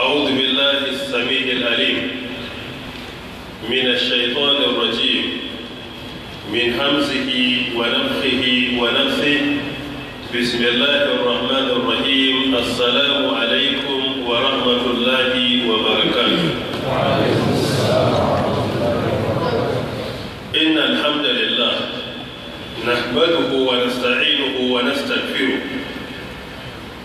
أعوذ بالله السميع العليم من الشيطان الرجيم من همزه ونفخه ونفثه بسم الله الرحمن الرحيم السلام عليكم ورحمة الله وبركاته وعليكم السلام ورحمة الله وبركاته إن الحمد لله نحمده ونستعينه ونستغفره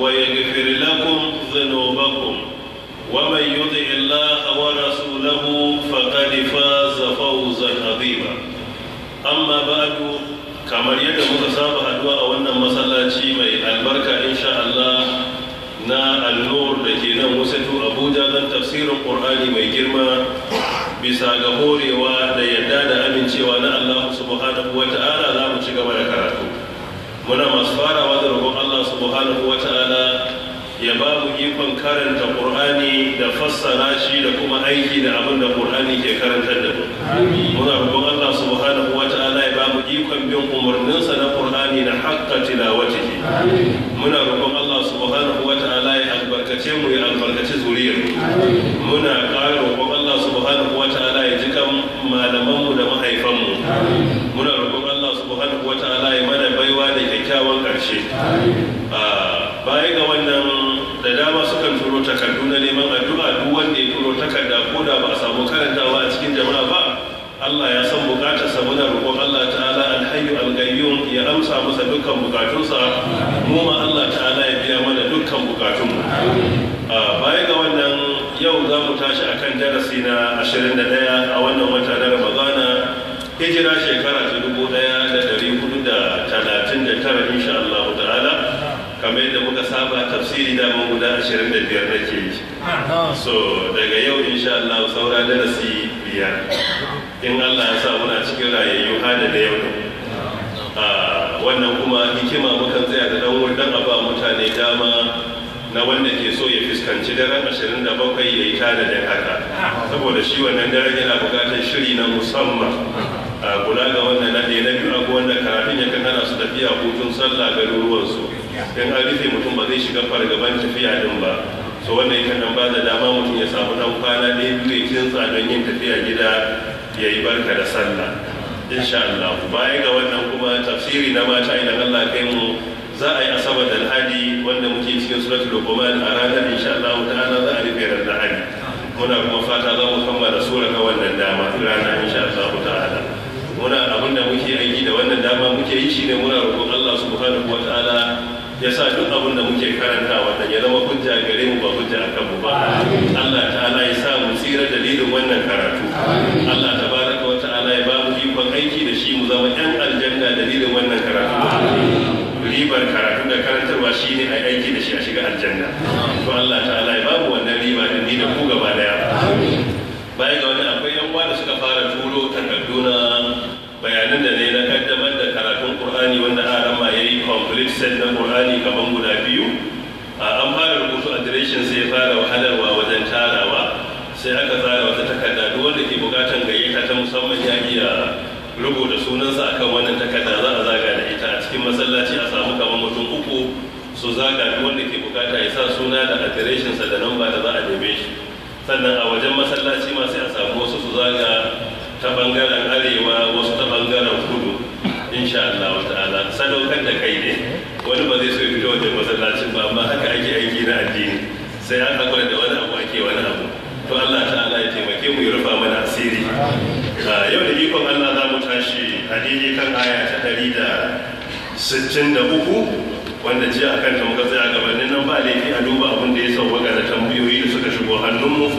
ويغفر لكم ذنوبكم ومن يطع الله ورسوله فقد فاز فوزا عظيما أما بعد kamar yadda muka saba haduwa a wannan masallaci mai albarka insha Allah na al-nur da ke nan wasatu Abuja don tafsirin Qur'ani mai girma bisa ga horewa da yadda da amincewa na Allah subhanahu wa ta'ala za mu ci gaba da karatu muna masu farawa da subhanahu wa ta'ala ya ba mu ikon karanta ƙur'ani da fassara shi da kuma aiki da abin da ke karantar da mu muna roƙon Allah subhanahu wa ta'ala ya ba mu ikon bin umarninsa na Qur'ani da haqqa tilawatihi muna roƙon Allah subhanahu wa ta'ala ya albarkace mu ya zuriyar muna ƙara roƙon Allah subhanahu wa ta'ala ya ji kan da mahaifanmu muna roƙon Allah subhanahu wa ta'ala ya mana baiwa da kyakkyawan ƙarshe baya ga wannan da dama sukan turo takardu na neman addu'a duk wanda ya turo takarda ko da ba a samu karantawa a cikin jama'a ba Allah ya san sa muna roƙon Allah ta'ala alhayyu alqayyum ya amsa masa dukkan bukatunsa mu ma Allah ta'ala ya biya mana dukkan bukatunmu baya ga wannan yau za mu tashi akan darasi na 21 a wannan wata na Ramadana hijira shekara ta 1439 insha Allah kamar yadda muka saba tafsiri mun guda ashirin da biyar ke yi so daga yau insha Allah saura darasi biyar in Allah ya sa muna cikin rayayyu hada da yau ah, wannan kuma hikima mukan tsaya da dan wurin a ba mutane dama na wanda ke so ya fuskanci daren ashirin da bakwai ya yi tada da haka saboda shi wannan daren yana bukatar shiri na musamman kula ah, ga wannan na ɗaya na biyu wanda karatun ya kankana su tafiya hutun sallah garuruwansu dan an rufe mutum ba zai shiga fargaban tafiya din ba so wannan yakan dan ba da dama mutum ya samu dan kwana ɗaya biyu ya don yin tafiya gida ya yi barka da sallah insha Allah baya ga wannan kuma tafsiri na mata idan Allah kai mu za a yi asabar da alhadi wanda muke cikin suratul luqman a ranar insha Allah ta'ala za a rufe ran alhadi muna kuma fata za mu kammala sura na wannan dama rana insha Allah ta'ala muna abinda muke aiki da wannan dama muke yi shine muna roƙon Allah subhanahu wa ta'ala ya sa duk abin da muke karantawa da ya zama hujja gare mu ba hujja a kanmu ba Allah ta'ala ya sa mu tsira dalilin wannan karatu Allah baraka wa ta'ala ya ba mu ikon aiki da shi mu zama yan aljanna dalilin wannan karatu ribar karatu da karantarwa shi ne a aiki da shi a shiga aljanna to Allah ta'ala ya ba mu wannan riba da ni da ku gaba daya baya ga wani akwai yan da suka fara turo takardu na bayanan da ne na qur'ani wanda alama ya yi complete set na qur'ani kaman guda biyu a an fara rubutu adireshin sai ya fara wahalarwa wajen tarawa sai aka tsara wata takarda duk wanda ke bukatan gayyata ta musamman ya iya rubuta sunansa akan wannan takarda za a zaga da ita a cikin masallaci a samu kamar mutum uku su zaga duk wanda ke bukata ya sa suna da adireshinsa da namba da za a neme shi sannan a wajen masallaci ma sai a samu wasu su zaga ta bangaren arewa wasu ta bangaren kudu insha Allah ta'ala sadaukar da kai ne wani ba zai so ya fito wajen masallacin ba amma haka ake aiki na addini sai an hakura da wani abu ake wani abu to Allah ta'ala ya taimake mu ya rufa mana asiri ah, yau da ikon Allah za mu tashi hadiji kan aya ta ɗari da sittin da uku wanda ji a kanta muka tsaya gabanin nan ba laifi a duba abin da ya sauwaka da tambayoyi da suka shigo hannunmu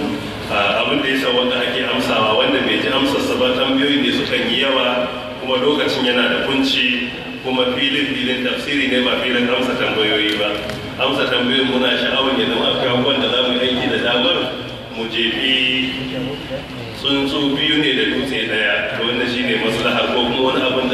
ah, abin da ya sauwaka ake amsawa wanda bai ji amsa ba tambayoyin ne sukan yi yawa kuma lokacin yana da kunci kuma filin filin tafsiri ne ba filin amsa tambayoyi ba amsa tambayoyin muna sha'awar ya zama akwai abubuwan da za mu aiki da damar mu jefi tsuntsu biyu ne da dutse daya to ne masu maslaha ko kuma wani abu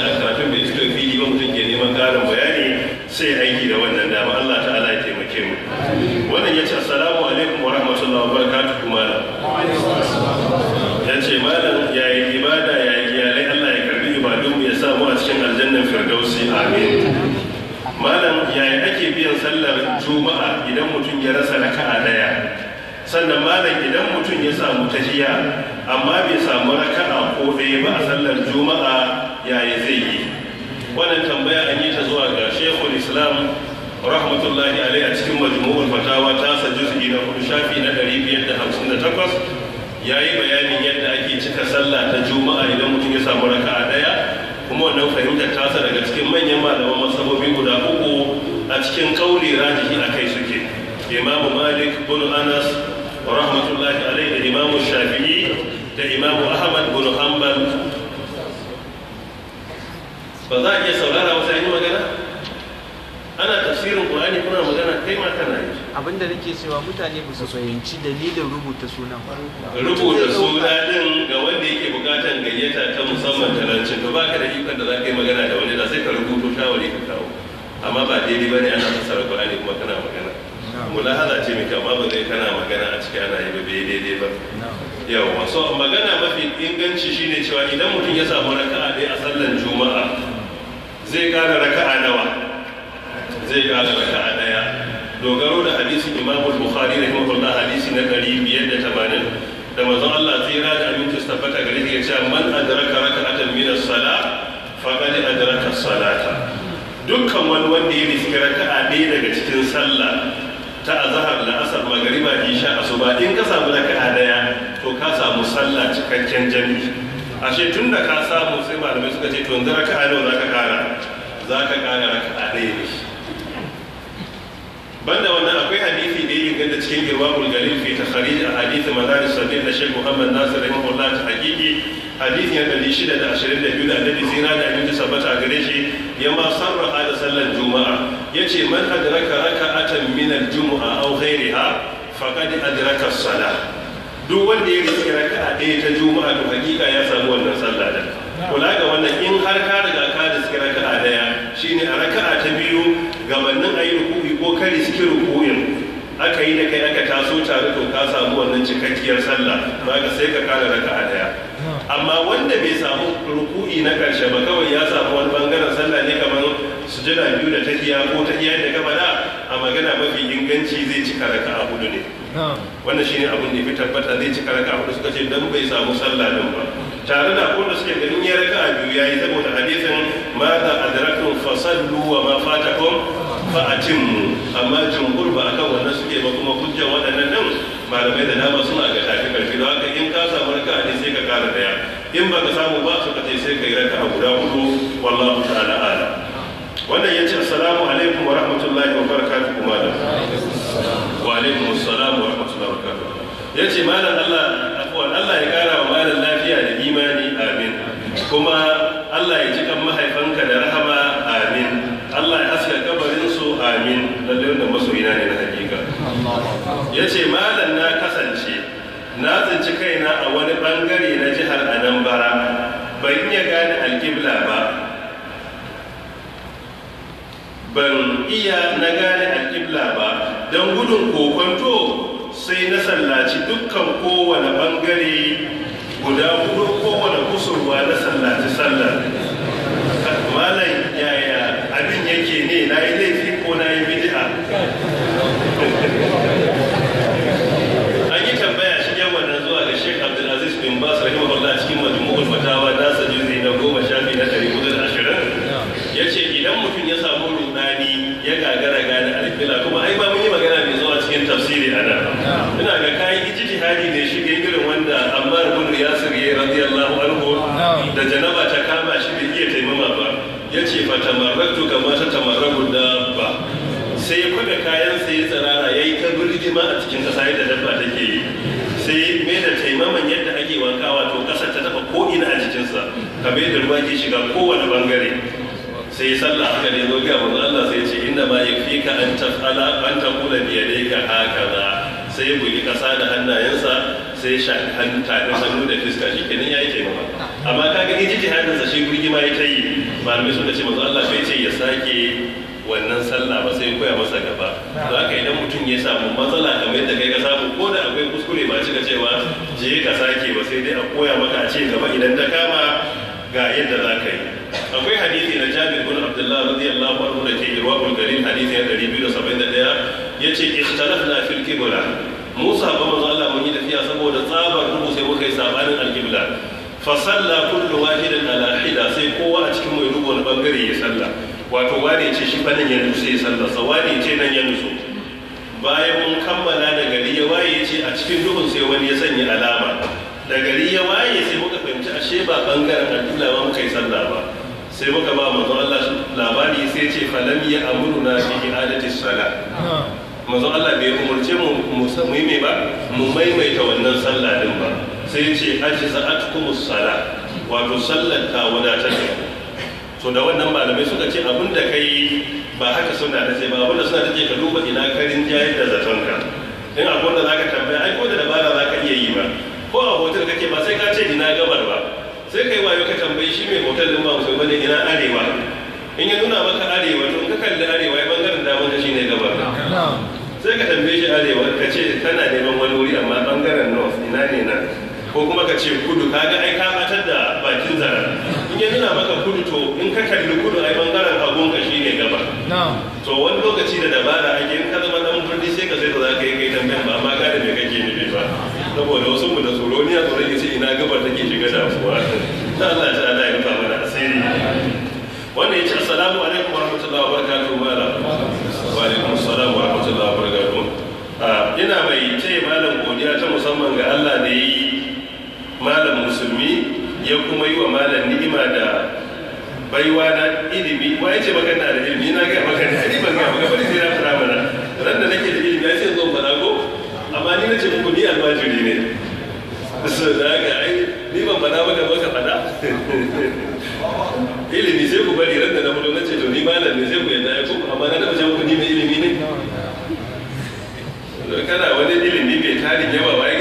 rubuta suna ɗin ga wanda yake bukatan gayyata ta musamman talancin to baka da ikon da za ka yi magana da wani da sai ka rubuto shawari ka kawo amma ba daidai ba ne ana fasara qur'ani kuma kana magana mulahaza ce mai kyau babu zai kana magana a ciki ana yi ba bai daidai ba yawa so magana mafi inganci shine cewa idan mutum ya samu raka'a dai a sallan juma'a zai ƙara raka'a nawa zai kara raka'a daya dogaro da imam bukhari rahimahullah hadisi na biyar da manzon Allah tsira da aminci tabbata gare shi ya man adraka raka'atan min as-salah faqad adraka as-salata dukkan wani wanda ya riski raka'a ɗaya daga cikin sallah ta azhar da asar magariba isha asuba in ka samu raka'a ɗaya to ka samu sallah cikakken jam'i ashe tun da ka samu sai malamai suka ce to yanzu raka'a nawa za ka kara za ka kara raka'a ɗaya ne banda wannan akwai hadisi da ya da cikin irwabul galil fi takhrij ahadith madar sadin da Sheikh Muhammad Nasir rahimahullah ta hakiki hadisi ya 622 da Annabi zira da abin tabbata gare shi ya ma sarra da sallar juma'a yace man adraka raka'atan min al-jumu'a aw ghayriha faqad adraka as-salah duk wanda ya rike raka'a ɗaya ta juma'a to hakika ya samu wannan sallah da kula ga wannan in har ka riga ka riski raka'a daya shine a raka'a ta biyu gabanin ayi ruku'i ko ka suke ruku'in aka yi da kai aka taso tare to ka samu wannan cikakkiyar sallah ba ka sai ka kara raka'a daya amma wanda bai samu ruku'i na karshe ba kawai ya samu wani bangaren sallah ne kamar sujada biyu da kiya ko kiya da gabana a magana mafi inganci zai cika raka'a hudu ne wannan shine abin da ya fi tabbata zai cika raka'a hudu suka ce dan bai samu sallah din ba tare da abin da suke ganin ya raka a biyu yayi da hadisin ma da a fasallu wa ma fatakon fa'atinmu amma jumhur ba akan wannan suke ba kuma hujjan waɗannan nan malamai da nama suna ga tafi karfi don haka in ka samu raka ne sai ka kara daya in ba ka samu ba su ka sai ka yi raka a guda hudu wallahu ta'ala ala wannan ya ce assalamu alaikum wa rahmatullahi wa barakatuhu malam wa alaikum assalam wa rahmatullahi wa barakatuhu ya ce malam Allah Allah ya kara wa malam kuma Allah ya ji kan mahaifanka da rahama amin Allah ya haska kabarin su amin lalle wanda masoyina ne na hakika Ya ce malam na kasance na zanci kaina a wani bangare na jihar Anambra ban iya gane alkibla ba ban iya na gane alkibla ba don gudun kokonto sai na sallaci dukkan kowane bangare guda hudu kowane kusurwa na sallaci sallar malam yaya da janaba ta kama shi bai iya taimama ba ya ce fa tamarraktu kamar ta da ba sai kuma kayan sai ya tsirara ya yi ta birgima a cikin kasa yadda dabba take yi sai mai da taimaman yadda ake wanka wato kasar ta ko ina a jikinsa kamar yadda ruwa ke shiga kowane bangare sai salla haka ne zo gaba da Allah sai ya ce inda ma ka an tafala an taqula bi haka za sai ya bugi kasa da hannayensa sai ya shafi hannu da fiska shi kenan yi taimaka amma kaga ijtihadin sa shi gurgima ya ta yi malamai suka ce manzo Allah bai ce ya sake wannan sallah ba sai koya masa gaba to haka idan mutum ya samu matsala kamar yadda kai ka samu ko da akwai kuskure ba cika cewa je ka sake ba sai dai a koya maka a ce gaba idan ta kama ga yadda za ka yi akwai hadisi na jabir bin abdullah radiyallahu anhu da ke irwaqul garin hadisi na 271 yace ikhtalafna fil qibla musa ba manzo Allah mun yi tafiya saboda tsabar rubu sai muka yi sabanin al fa salla kullu wahidin ala hida sai kowa a cikin mai rubu wani bangare ya salla wato wane ce shi fannin ya nusu ya salla sa wane ce nan ya nusu. bayan mun kammala da gari ya waye ce a cikin duhun sai wani ya sanya alama da gari ya waye sai muka fahimci ashe ba bangaren addu'a ba muka yi salla ba sai muka ba manzo Allah labari sai ce falam ya amuruna bi i'adati salla manzo Allah bai umurce mu mu yi mai ba mu maimaita wannan sallah din ba sai ce ake za'at kuma sala wato sallar ta wadatar da da wannan malamai suka ce abin da ka yi ba haka suna da ce ba abin da suna da ce ka duba ina karin jayar da zatonka in akwai da ka tambaya ai ko da dabara ka iya yi ba ko a hotel kake ba sai ka ce ina gabar ba sai kai wayo ka tambayi shi mai hotel din ba musulman ne, ina arewa in ya nuna maka arewa to ka kalli arewa ya bangaren wanda ka shine gabar sai ka tambaye shi arewa ka ce kana neman wani wuri amma bangaren north ina ne na ko kuma ka ce kudu ka ga ai ka batar da bakin zara in ya nuna maka kudu to in ka kalli kudu ai bangaren hagun ka shine gaba to wani lokaci da dabara ake in ka zama dan birni sai ka sai ka zaka yi kai tambayan ba amma ka da mai kake ne ba saboda wasu mu da tsoro ni a tsoron yace ina gabar take shiga damuwa ta Allah ta Allah ya rufa mana asiri wannan yace assalamu alaikum wa wabarakatuh mala wa alaikum assalam warahmatullahi wabarakatuh ah, ina mai ce malam godiya ta musamman ga Allah da yi malam musulmi ya kuma yi wa malam ni'ima da baiwa na ilimi wa ya ce magana da ilimi na ga magana da ilimi ga magana bari sai na fara ran da nake da ilimi ya ce zo fara ko amma ni nace muku ni almajiri ne so da ga ai ni ban fada ba da baka fada ilimi sai ku bari ran da na fito nace to ni malam ne sai ku yadda ya ku amma na tabbata muku ni mai ilimi ne kana wani ilimi mai tarin yawa ba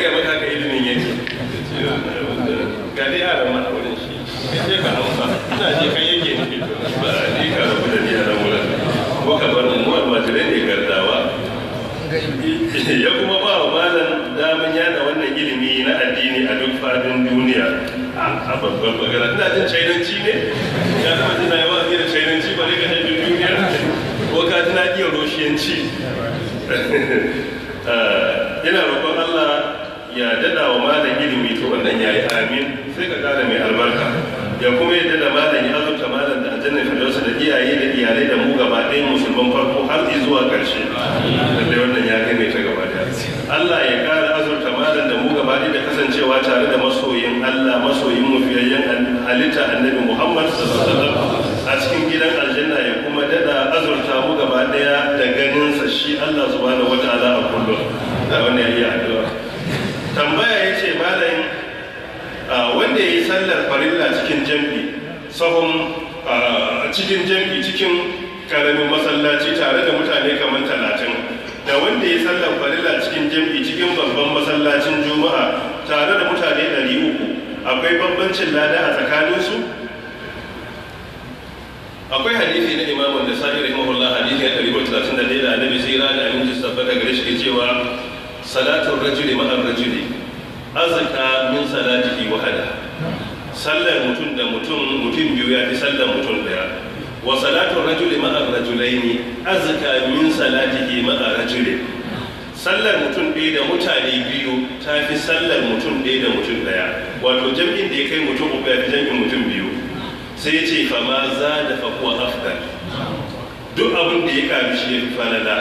yaran mana wurin shi sai ka amsa ina ji kai yake nufi ba ni ka rabu da ni yaran wurin ko ka bar mu almajirai ne gardawa ya kuma ba wa malam damin yada wannan ilimi na addini a duk fadin duniya a babban magana ina jin chainanci ne ya kuma jina yawa ne da chainanci ba ne ka shaidun duniya ko ka jina iya roshiyanci ah, ina roƙon Allah ya dada wa malam ilimi ce wannan ya yi amin sai ka kara mai albarka ya kuma yadda da malam ya azurta malam da aljanna fadarsa da iyaye da iyalai da mu gaba ɗaya musulman farko har zuwa ƙarshe lallai wannan ya kai mai ta gaba da Allah ya ƙara azurta malam da mu gaba ɗaya da kasancewa tare da masoyin Allah masoyin mu fiyayyen halitta annabi Muhammad sallallahu alaihi wasallam a cikin gidan aljanna ya kuma dada azurta mu gaba ɗaya da ganinsa shi Allah subhanahu wataala a kullum da wannan ya yi addu'a tambaya sallar farilla cikin jam'i sahun cikin jam'i cikin karamin masallaci tare da mutane kamar talatin da wanda ya sallar farilla cikin jam'i cikin babban masallacin juma'a tare da mutane ɗari uku akwai bambancin lada a tsakaninsu akwai hadisi na imamu da sa'ir rahimahullah hadisi ya ɗari talatin da ɗaya da annabi tsira da aminci tabbata gare shi ke cewa salatun rajuli ma'ar rajuli azzaka min salatihi wahada sallar mutum da mutum mutum biyu ya fi sallar mutum daya wa salatu rajuli ma'a rajulaini azka min salatihi ma'a rajuli sallar mutum ɗaya da mutane biyu ta fi sallar mutum ɗaya da mutum daya wato jam'in da ya kai mutum uku ya fi jam'in mutum biyu sai ya ce fa ma za da fa kuwa afdal duk abin da ya karu shi ya fi falala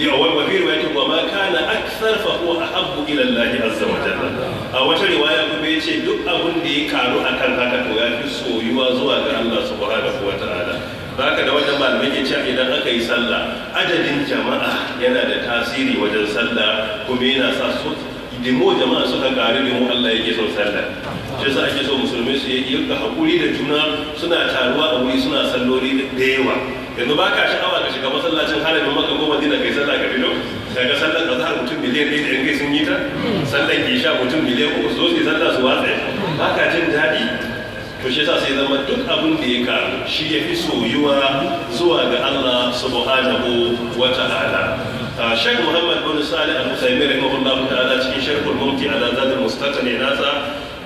وفي رواية وما كان أكثر فهو أحب إلى الله عز وجل a wata riwaya kuma ya ce duk abin da ya karu a kan haka to ya fi soyuwa zuwa ga Allah subhanahu wa ta'ala ba ka da wannan malamai ke cewa idan aka yi sallah adadin jama'a yana da tasiri wajen sallah kuma yana sa su dimo jama'a suka karu mu Allah yake son sallah shi yasa ake so musulmi su yi hakuri da juna suna taruwa a wuri suna salloli da yawa yanzu ba ka sha'awa ka shiga masallacin haramin maka ko madina kai sallah ka sai ga sallar da zahar mutum miliyan ɗaya da yankai sun yi ta sallar sha mutum miliyan uku su zo su sallah su watsa ba ka jin daɗi to shi yasa sai zama duk abin da ya karu shi ya fi soyuwa zuwa ga Allah subhanahu wa ta'ala ah, Sheikh Muhammad bin Salih Al-Husaymi rahimahullah ta'ala cikin al Mumti ala Zadul ya nasa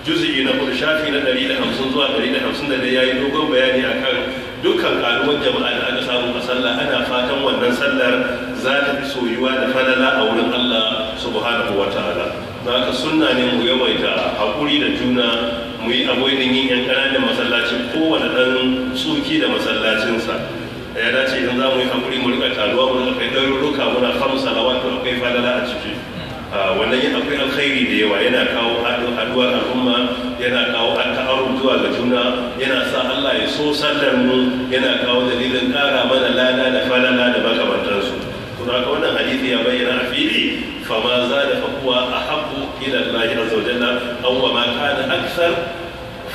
juz'i na kullu shafi na 150 zuwa 151 da yayi dogon bayani akan dukkan kaluwar jama'a da aka samu a sallah ana fatan wannan sallar za ta fi soyuwa da falala a wurin Allah subhanahu wa ta'ala Za ka sunna ne mu yawaita hakuri da juna mu yi avoidin yin yan ƙananan masallaci kowane ɗan tsoki da masallacinsa ya dace idan za mu yi hakuri mu rika taruwa mu riƙa kai ɗaruruka muna kamsa na akwai falala a ciki Ah, wannan yin akwai alkhairi da yawa yana kawo haɗuwar al'umma yana kawo ta'arun zuwa ga juna yana sa Allah ya so sallar mu yana kawo dalilin ƙara mana lada da falala da makamantansu to haka wannan hadisi ya bayyana a fili فما زال a أحب ilallahi الله عز an أو maka da أكثر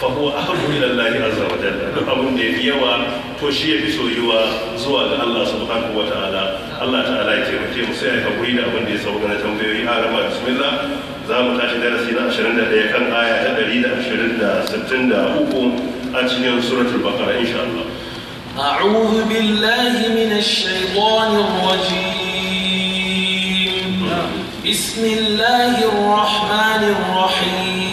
fa huwa ahabbu azza wa jalla duk abin yafi yawa to shi yafi soyuwa zuwa ga Allah subhanahu wa ta'ala Allah ta'ala ya taimake mu sai ai hakuri da abin da ya sauka na tambayoyi a rama bismillah za mu tashi darasi na 21 kan aya ta 163 a cikin suratul baqara insha Allah أعوذ بالله من الشيطان الرجيم بسم الله الرحمن الرحيم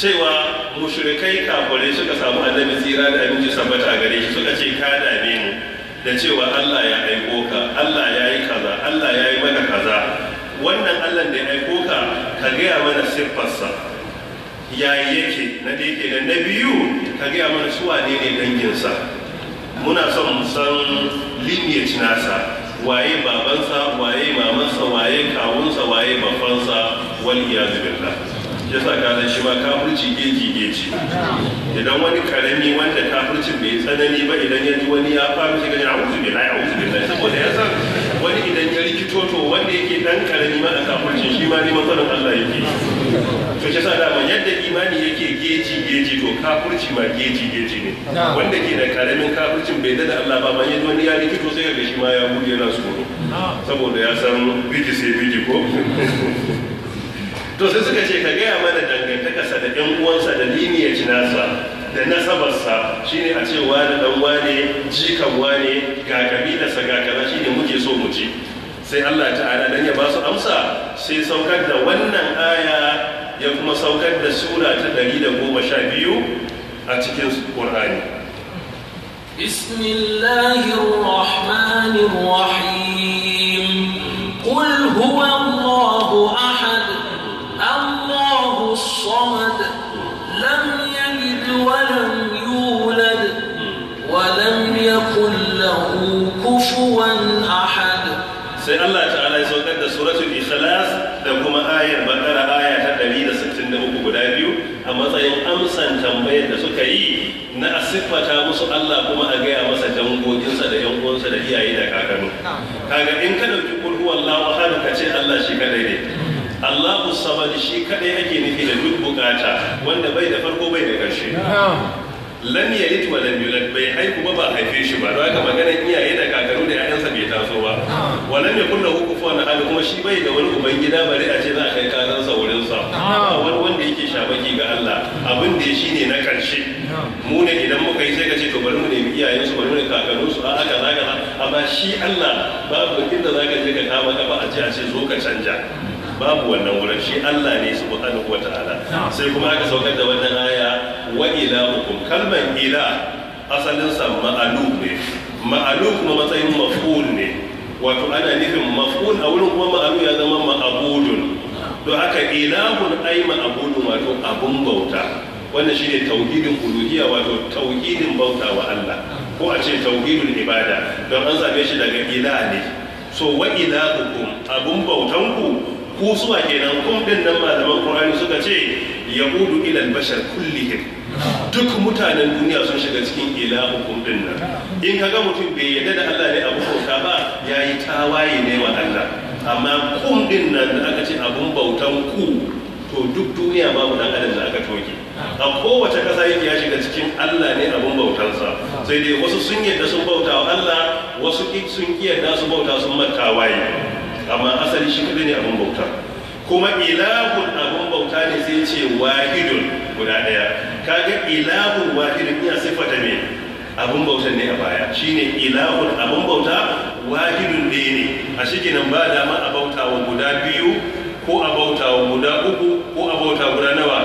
cewa mushrikai kafirai suka samu annabi tsira da abinci sabbata gare shi suka ce ka dame mu da cewa Allah ya aiko ka Allah ya yi kaza Allah ya yi maka kaza wannan Allah da ya aiko ka ka gaya mana siffarsa ya yi yake na dake da na biyu ka gaya mana su wane ne danginsa muna son mu san lineage nasa waye babansa waye mamansa waye kawunsa waye babansa wal billah ya sa ka shi ma kafirci geji geji idan wani karami wanda kafircin bai tsanani ba idan ya ji wani ya fara shi gani a bai laye a a'udhu bai saboda ya san wani idan ya rikito to wanda yake dan karami ma a kafircin shi ma ne tsaron Allah yake to ya sa dama yadda imani yake geji geji to kafirci ma geji geji ne wanda ke da karamin kafircin bai dada Allah ba ma ya wani ya rikito sai ga shi ma ya buɗe na tsoro saboda ya san biji sai biji ko to sai suka ce ka gaya mana dangantakarsa da ɗan uwansa da liniyaci nasa da nasabarsa shine a ce wani dan wane jikan wane ga kabilarsa ga kaza shine muke so mu ji sai Allah ta'ala dan ya ba su amsa sai saukar da wannan aya ya kuma saukar da sura ta 112 a cikin Qur'ani بسم الله الرحمن الرحيم قل هو الله أحد الصمد لم يلد ولم يولد ولم يكن له كفوا sai Allah ta'ala ya saukar da suratul ikhlas da kuma ayar bakara aya ta 163 guda biyu a matsayin amsan tambayar da suka yi na asifata musu Allah kuma a gaya masa dangoginsa da yan uwansa da iyaye da kakanni kaga in ka dauki kulhuwan lahu ka ce Allah shi kadai ne Allahu samad shi kadai ake nufi da duk bukata wanda bai da farko bai da karshe lam yalid wa lam yulad bai haihu ba ba haife shi ba don haka maganar iyaye da kakaru da sa bai taso ba wa lam yakul lahu kufuwan ahad kuma shi bai da wani ubangida bare a ce za a kai karan sa wurin sa wani wanda yake shabaki ga Allah abin da shi ne na karshe mu ne idan muka yi sai ka ce to bari mu ne iyayen su bari mu ne kakarun su a haka zaka amma shi Allah babu inda ka je ka kama kafa a ce a ce zo ka canja babu wannan wurin shi Allah ne su subhanahu ta'ala. sai kuma aka saukar da wannan aya wa hukum. kalmar ila asalin sa ma'alu ne ma'alu kuma matsayin maf'ul ne wato ana nufin maf'ul a wurin kuma ma'alu ya zama ma'abudun don haka ilahun ai ma'abudun wato abun bauta wannan shi ne tauhidin uluhiyya wato tauhidin bauta wa Allah ko a ce tauhidin ibada don an same shi daga ila ne so wa hukum abun bautanku ku suwa kenan kum din nan malaman qur'ani suka ce yahudu ila bashar kullihim duk mutanen duniya sun shiga cikin ila kun din nan in kaga mutum bai yarda da Allah ne abu bauta ba yayi tawaye ne wa Allah amma kun din nan da aka ce abun bautan ku to duk duniya babu dan adam da aka toke a kowace kasa yake ya shiga cikin Allah ne abun bautansa sai dai wasu sun yarda sun bauta wa Allah wasu sun kiyarda su bauta sun waye. amma asali shi kadai ne abin bauta kuma ilahun abin bauta ne sai ce wahidun guda ɗaya. kaga ilahun wahidun iya sifata me abin bautan ne a baya shine ilahun abin bauta wahidun ɗaya ne a shi ba dama a wa guda biyu ko a wa guda uku ko a bauta guda nawa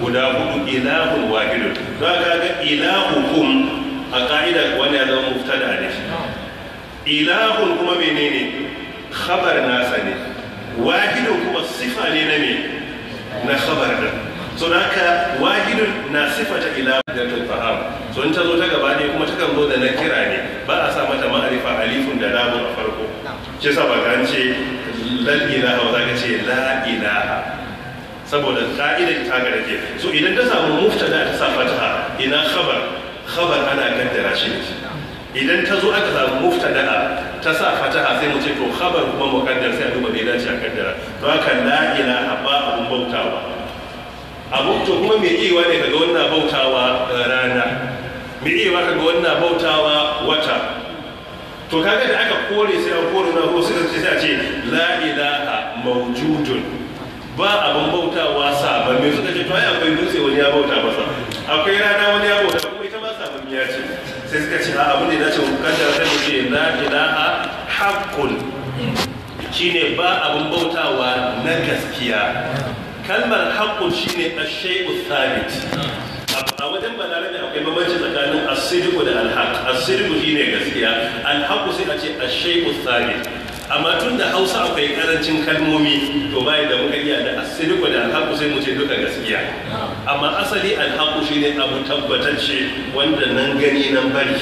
guda hudu ilahun wahidun za ka ga ilahukum a ka'ida wani ya zama da ne ilahun kuma menene khabar nasa ne wahidun kuma sifa ne na me na khabar din so da haka wahidun na sifa ta ila da faham so in ta zo ta gaba ne kuma takan zo da na kira ne ba a sa mata ma'arifa alifun da lamun a farko shi sa ba ka ce lal ilaha za ka ce la ilaha saboda ka'idar ta gare ke so idan ta samu muftada ta sa fataha ina khabar khabar ana kaddara shi ne idan ta zo aka samu mufta da'a ta sa fataha sai mu ce to khabar kuma muqaddar sai a duba da dace a kaddara to haka la ilaha ba abun bautawa abun to kuma me iya ne kaga wannan bautawa eh, rana me iya kaga wannan bautawa wata to kaga da aka kore sai an kore na ko sai ce sai a ce la ilaha mawjudun ba abun bautawa mai suka ce to ai akwai dutse wani ya bauta masa akwai rana wani ya bauta sai suka ce abin da ya dace mu kanta sai mu ce la ilaha haqqun shine ba abin bautawa na gaskiya kalmar haqqun shine ash-shay'u thabit a wajen balarabe akwai bambanci tsakanin Asiriku da Asiriku shi shine gaskiya Alhaku sai a ce ash-shay'u thabit amma tun da hausa akwai karancin kalmomi to bai da muka iya da asiriku da alhaku sai mu ce duka gaskiya amma asali alhaku shi ne abu tabbatacce wanda nan gani nan bari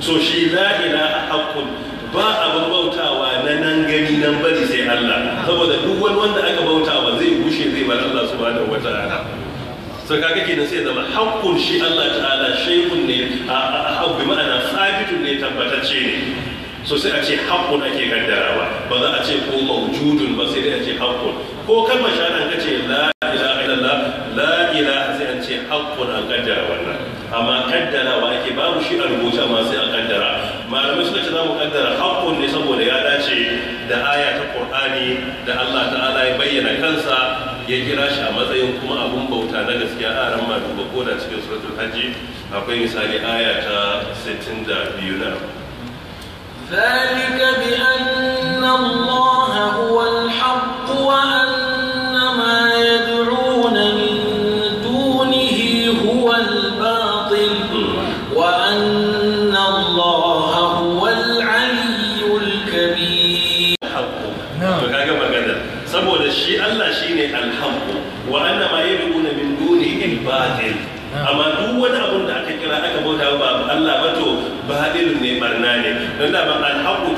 so shi la ila haqqun ba abu bautawa na nan gani nan bari sai Allah saboda duk wani wanda aka bautawa zai bushe zai bar Allah subhanahu wataala sai kaga kenan sai zama haƙƙun shi Allah ta'ala shaykhun ne a bi ma'ana sabitun ne tabbatacce ne so sai a ce haƙƙun ake kaddarawa ba za a ce ko maujudun ba sai dai a ce haƙƙun ko kan mashana ka ce la ilaha illallah la sai an ce haƙƙun a kaddara wannan amma ba ake babu shi a rubuce amma sai a kaddara malamai suka ce za mu kaddara haƙƙun ne saboda ya dace da aya ta ƙur'ani da Allah ta'ala ya bayyana kansa ya kira shi a matsayin kuma abun bauta na gaskiya a ran ma duba ko da cikin suratul hajji akwai misali aya ta 62 na ذلك بأن الله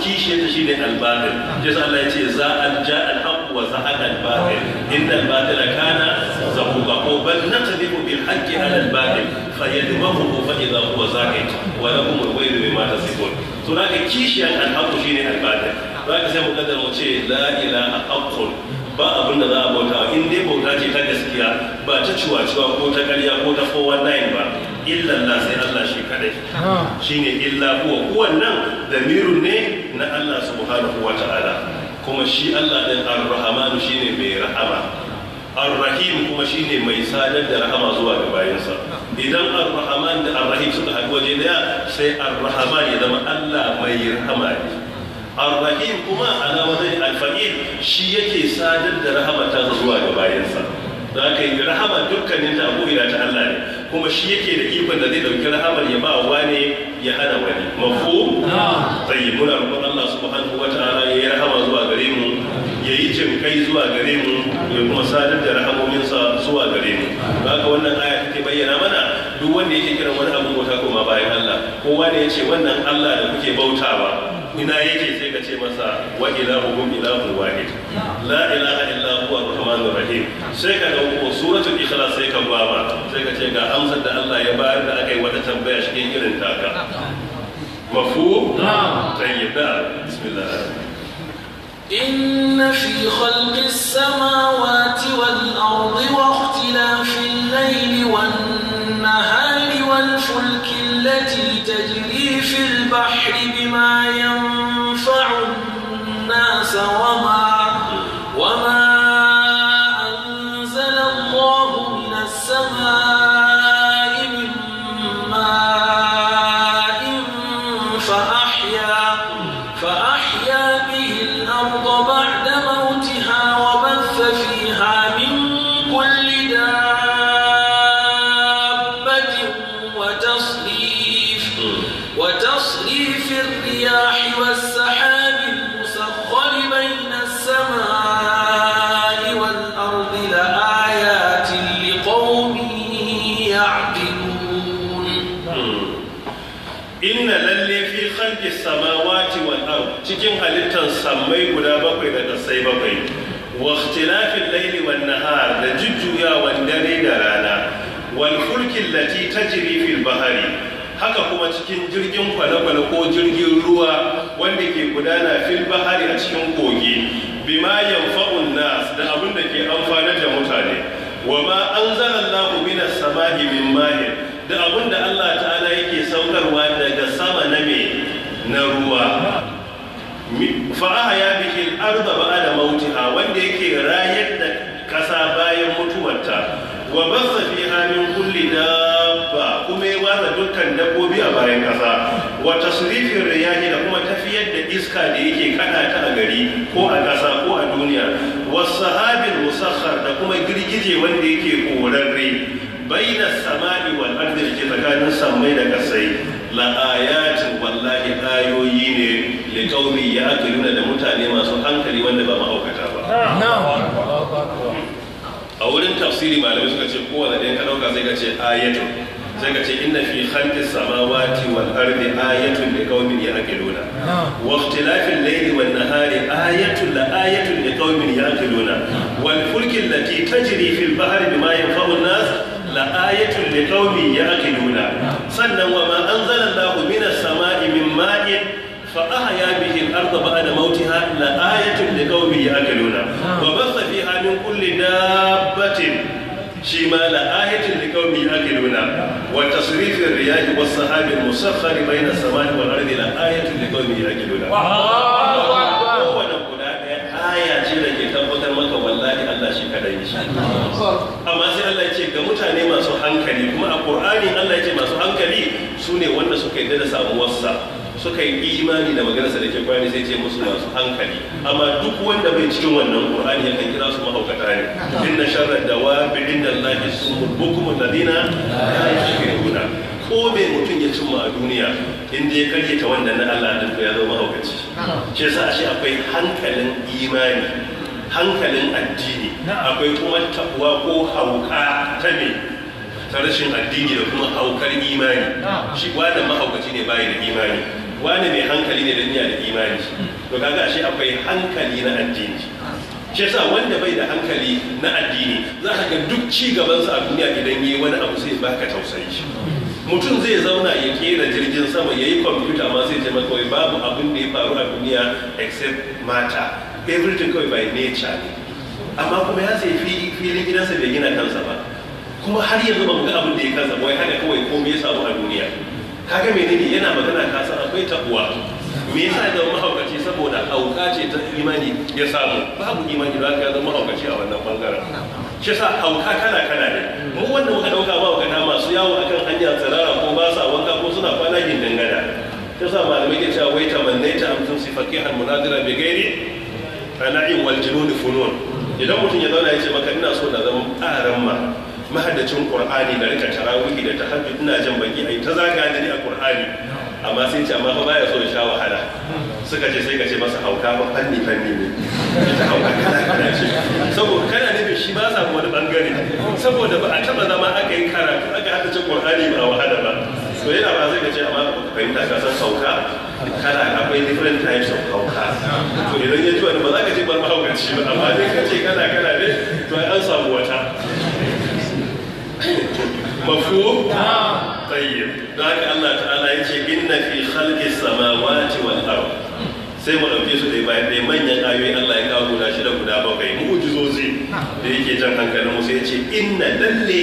kishi ta shi ne batil sai Allah ya ce za al-ja al-haq wa za al-batil inna al-batila kana zahuqa ko bal naqdimu bil haqqi ala al-batil fa ku fa idha huwa zaqit wa wai al-waylu bima tasifun to ka kishi an haq shi ne batil Ba ka sai mu kaddara mu ce la ilaha haqqun ba abin da za a bauta in dai bauta ce ta gaskiya ba ta ciwa-ciwa ko ta karya ko ta 419 ba illallah sai Allah shi kadai shine illa kuwa kuwan nan damirun ne na Allah subhanahu wa ta'ala kuma shi Allah din ar-rahmanu shine mai rahama ar-rahim kuma shine mai sadar da rahama zuwa ga bayansa idan ar-rahman da ar-rahim suka haɗu waje daya sai ar-rahman ya zama Allah mai rahama ne ar-rahim kuma ana wajen al-fa'il shi yake sadar da rahama ta zuwa ga bayansa da aka yi rahama dukkanin ta abu ila ta Allah ne kuma shi yake da ikon da zai dauki rahamar ya ba wani ya hana wani mafu tayi muna rukun Allah hannu wata wataala ya yi rahama zuwa gare mu ya yi jin kai zuwa gare mu ya kuma sadar da rahamominsa zuwa gare mu Ba ka wannan aya take bayyana mana duk wanda yake kiran wani abin bauta koma bayan Allah kowa ne ya ce wannan Allah da kuke bautawa ina yake sai ka ce masa wa ilahukum ilahun wahid la ilaha illa huwa rahmanur rahim sai ka ga ko suratul ikhlas sai ka baba sai ka ce ga amsar da Allah ya bayar da akai wata tambaya cikin irin taka mafhum na'am tayyib bismillah إن في خلق السماوات والأرض واختلاف الليل والنهار والفلك التي تجري في البحر بما ينفع lati tajri fil bahari haka kuma cikin jirgin kwale-kwale ko jirgin ruwa wanda ke gudana fil bahari a cikin kogi ma yanfa'un nas da abin da ke amfanar da mutane wa ma anzalallahu minas sama'i min ma'i da abin da Allah ta'ala yake saukarwa daga sama na me na ruwa fa ya bihi al-ardha ba'da mautiha wanda yake rayar da kasa bayan mutuwarta wa basa fiha min kulli dabba kuma ya watsa dukkan dabbobi a bayan kasa wa tasrifin riyahi da kuma tafiyar da iska da yake kada ta a gari ko a kasa ko a duniya wa sahabin musakhar da kuma girgije wanda yake korarre baina samai wal ardi ke tsakanin samai da kasai la ayatin wallahi ayoyi ne li qaumi ya'qiluna da mutane masu hankali wanda ba ma'aukata ba wurin tafsiri malamai suka ce kowane ɗaya ka ɗauka sai ka ce ayatu sai ka ce inna fi khalqi samawati wal ardi ayatun li qaumin yaqiluna wa ikhtilafil layli wan nahari ayatun la ayatun li qaumin yaqiluna wal fulki allati tajri fil bahri bima yanfa'u an-nas la ayatun li qaumin yaqiluna sannan wa ma anzala Allahu minas sama'i min ma'in فأحيا به الأرض بعد موتها لآية لقوم يأكلون وبث فيها من كل دابة شما لآية لقوم يأكلون وتصريف الرياح والسحاب المسخر بين السماء والأرض لآية لقوم يأكلون ce da ke tabbatar maka wallahi Allah shi kadai amma sai Allah ya ce ga mutane masu hankali kuma a ƙur'ani Allah ya ce masu hankali su ne wanda suka yarda da samuwarsa suka yi imani da maganarsa da ke kwanu sai ce musu masu hankali amma duk wanda bai cikin wannan qur'ani ya kan kira su mahaukata ne inna sharra dawabi inda allahi sumul bukum alladina la guda. ko me mutum ya cimma a duniya inda ya ta wanda na Allah din ya zama mahaukaci ce sa shi akwai hankalin imani hankalin addini akwai kuma tabuwa ko hauka ta me ta rashin addini da kuma haukar imani shi wannan mahaukaci ne bayi da imani wani mai hankali ne da yana da imani to kaga shi akwai hankali na addini shi yasa wanda bai da hankali na addini za ka ga duk ci gabansa a duniya idan yi wani abu sai baka tausayi shi mutum zai zauna ya kera jirgin sama ya yi kwamfuta ma sai ce kawai babu abin da ya faru a duniya except mata everything kawai by nature ne amma kuma ya sai filin gidansa bai gina kansa ba kuma har yanzu ba mu ga abin da ya kansa wai haka kawai komai ya samu a duniya kaga menene yana magana ka akwai tabuwa me yasa zama mahaukaci saboda hauka ce ta imani ya samu babu imani za ka zama mahaukaci a wannan bangaren shi sa hauka kana kana ne mu wanda muka dauka mahaukata masu yawo akan hanyar tsirara ko ba sa wanka ko suna kwana gin dangana. shi sa malamai ke cewa wai su amsun sifaqihan munadira bi ghairi ana'in wal da funun idan mutum ya zauna ya ce maka ina so na zama aran ma mahaddacin qur'ani na rika tarawihi da tahajjud ina jan baki ai ta zaga da ni a qur'ani amma sai ce amma fa baya so ya sha wahala suka ce sai ka ce masa hauka ba fanni fanni ne ita hauka kana kana ce saboda kana nufin shi ba sa wani bangare saboda ba a taba zama aka yi karatu aka hada ce qur'ani ba wahala ba So yana ba sai ka ce amma ka fahimta ka san sauka kana akwai different types of hauka to idan ya ji wani ba za ka ce bar mahaukaci ba amma dai ka ce kana kana ne to an samu wata mafhum Allah ta'ala yace inna fi khalqis sai mu dauke su dai bayan dai manyan ayoyi Allah ya kawo guda shida guda bakwai mu'jizozi da yake jan hankalin mu sai yace inna lalle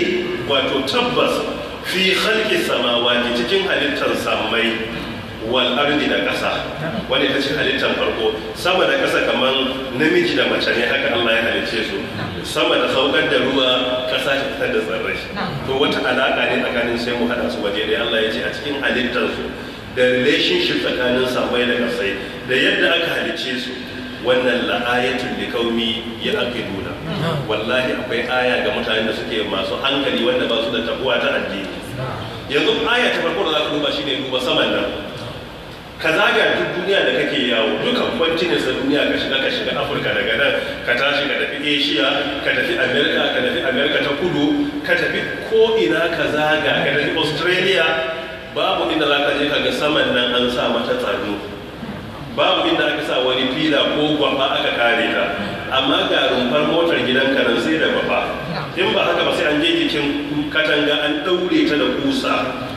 wato tabbas fi khalqis samawati cikin halittar samai wal ardi da kasa wani ta ce halittar farko sama da ƙasa kamar namiji da mace ne haka Allah ya halicce su sama da saukar da ruwa kasa ta fitar da tsirrai to wata alaƙa ne tsakanin sai mu hada su waje dai Allah ya ce a cikin halittar su da relationship tsakanin samai da ƙasai da yadda aka halicce su wannan la'ayatun da kaumi ya ake nuna wallahi akwai aya ga mutanen da suke masu hankali wanda ba su da tabuwa ta addini yanzu aya ta farko da za ka duba shine duba saman nan ka zaga duk duniya da kake yawo dukan kwantinin sa duniya ka shiga ka shiga afirka daga nan ka tashi ka tafi asia ka tafi america ka tafi america ta kudu ka tafi ko ina ka zaga ka tafi australia babu inda za ka je ka ga saman nan an sa mata tsaro babu inda aka sa wani fila ko gwamba aka kare ta amma ga rumfar motar gidan kanan sai da bafa in ba haka ba sai an je jikin katanga an daure ta da kusa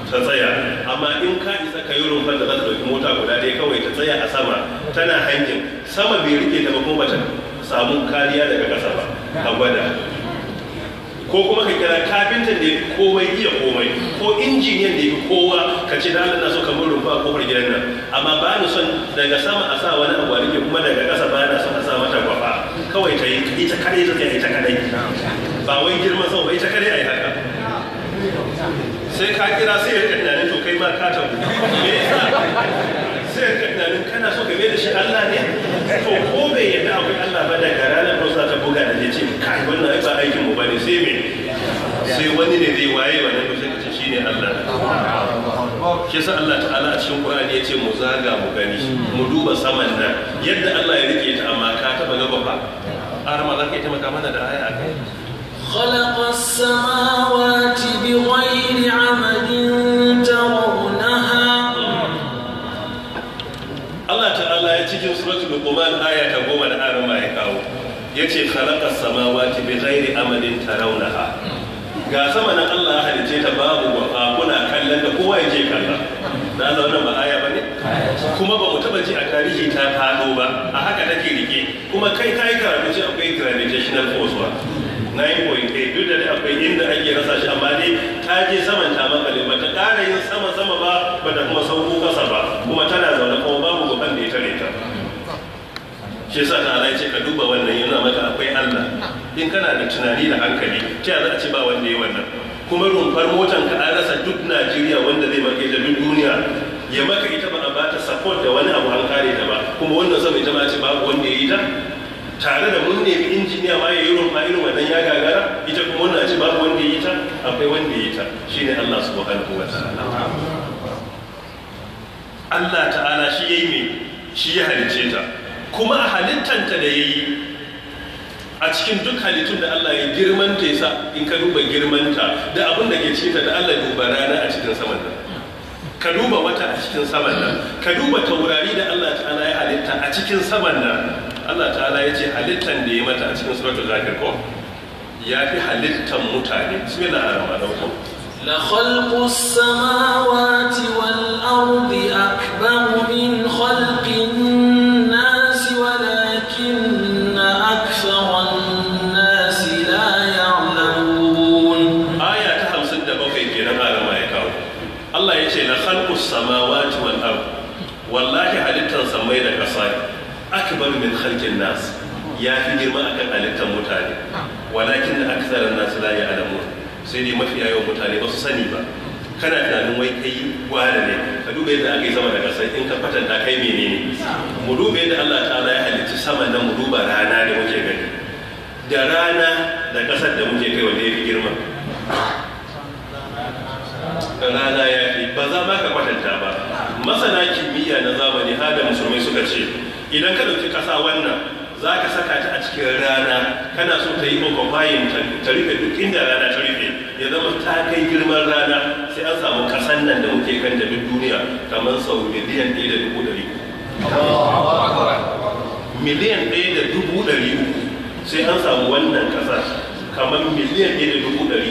ta tsaya amma in ka isa ka yi rumfar da za ta ɗauki mota guda ɗaya kawai ta tsaya a sama tana hanyar sama bai rike ta ba kuma ta samu kariya daga ƙasa ba a gwada ko kuma ka kira kafintan da ya fi komai iya komai ko injiniyan da ya fi kowa ka ce da Allah so kamar rumfa a kofar gidan nan amma ba ni son daga sama a sa wani abu a kuma daga kasa ba na son a sa mata gwafa kawai ta yi ita kadai ta ta kadai ba wai girman sama bai ta kare a yi haka sai ka kira sai ya tunanin to kai ma ka tabu me yasa sai ya tunanin kana so ka mai da shi Allah ne to ko bai yadda akwai Allah ba daga ranar ko za ta buga da ce kai wannan ba aikin mu bane sai me sai wani ne zai waye wannan ko sai ka ce shine Allah shi sa Allah ta'ala a cikin Qur'ani ce mu zaga mu gani mu duba saman nan yadda Allah ya rike ta amma ka taba gaba ba har ma za ka yi taimaka mana da aya a kai yace khalaqa samawati bi ghairi amalin tarawnaha ga sama nan Allah ya halice ta babu wa kuna kallon da kowa yake kalla na da wannan ba aya bane kuma ba mu taba ji a tarihi ta fado ba a haka take rike kuma kai kai karatu ce akwai gravitational force na yi koyi duk da akwai inda ake rasa shi amma dai ta je saman ta makale ba ta ƙara yin sama sama ba ba kuma sauko kasa ba kuma tana zaune kuma babu gukan da ya tare ta shi yasa ta ka duba wannan yana maka akwai Allah in kana da tunani da hankali ta za a ce ba wanda ya wannan kuma rumfar motan ka an rasa duk Najeriya wanda zai maka da duk duniya ya maka ita ba a bata support da wani abu hankali da ba kuma wannan sabai ita ma ce babu wanda ya yi ta tare da mun nemi injiniya ma ya yi rumfa irin wannan ya gagara ita kuma wannan ce babu wanda ya yi ta akwai wanda ya yi ta shine Allah subhanahu wa ta'ala Allah ta'ala shi yayi me shi ya halice ta kuma a halittanta da yayi a cikin duk halittun da Allah ya girman ta yasa in ka duba girman ta da abin da ke cikin ta da Allah duba rana a cikin saman nan ka duba wata a cikin saman nan ka duba taurari da Allah ta'ala ya halitta a cikin saman nan Allah ta'ala ya ce halittan da ya mata a cikin suratul zakir ko ya fi halittan mutane bismillah ar-rahman ar-rahim la khalqus samawati wal ardi akbaru min halkin nas ya fi girma a kan halittar mutane walakin da tsara nasu layi a lamur sai dai mafi yawan mutane ba su sani ba kana tunanin wai kai gwada ne ka duba yadda aka yi sama da ƙasa in ka kwatanta kai menene mu duba yadda Allah ta'ala ya halicci sama da mu duba rana da muke gani da rana da ƙasar da muke kai wanda ya fi girma rana ya fi ba za ma ka kwatanta ba masana kimiyya na zamani hada musulmai suka ce idan ka dauki ƙasa wannan za ka saka ta a cikin rana kana so ta yi occupying ta rufe duk inda rana ta rufe ya zama ta kai girman rana sai an samu ƙasan nan da muke kan duk duniya kamar sau miliyan ɗaya da dubu ɗari miliyan ɗaya da dubu ɗari sai an samu wannan kasa kamar miliyan ɗaya da dubu ɗari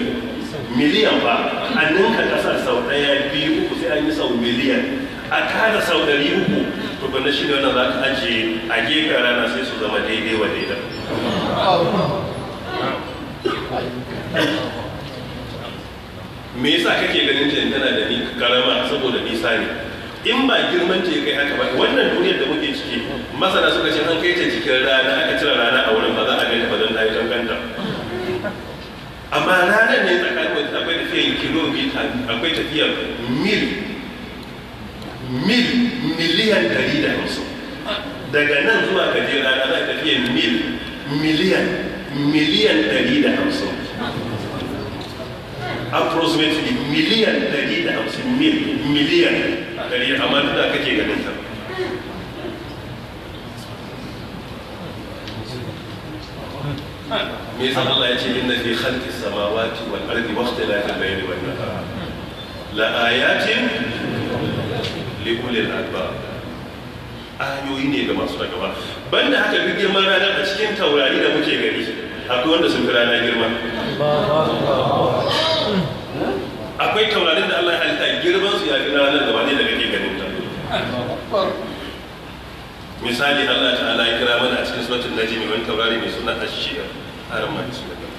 miliyan ba a ninka ƙasar sau ɗaya biyu uku sai an yi sau miliyan a kada sau ɗari uku tukunna shi ne wanda za ka ajiye a gefen rana sai su zama daidai wa daidai me yasa kake ganin ta tana da ni karama saboda nisa ne in ba girman ta kai haka ba wannan duniyar da muke ciki masana suka ce an kai ta cikin rana aka cire rana a wurin ba za a ga ta don ta amma ranar ne tsakanin akwai kilo kilomita akwai tafiyar mil mil miliyan 150 daga nan zuwa gajera na za ka fiye mil miliyan miliyan 150 approximately miliyan 150 mil miliyan 100 amma duk da kake ganin ta me yasa Allah ya ce inna fi khalqis samawati wal ardi wa ikhtilafil layli wan nahar la ayatin li ulil alba ayoyi ne ga masu ragaba banda haka duk girman ranar a cikin taurari da muke gani akwai wanda sun kira na girma akwai taurarin da Allah ya halitta girman su ya fi ranar gaba ne da kake ganin ta misali Allah ta'ala ya kira mana a cikin suratul najmi wani taurari mai suna ashiya har ma bismillah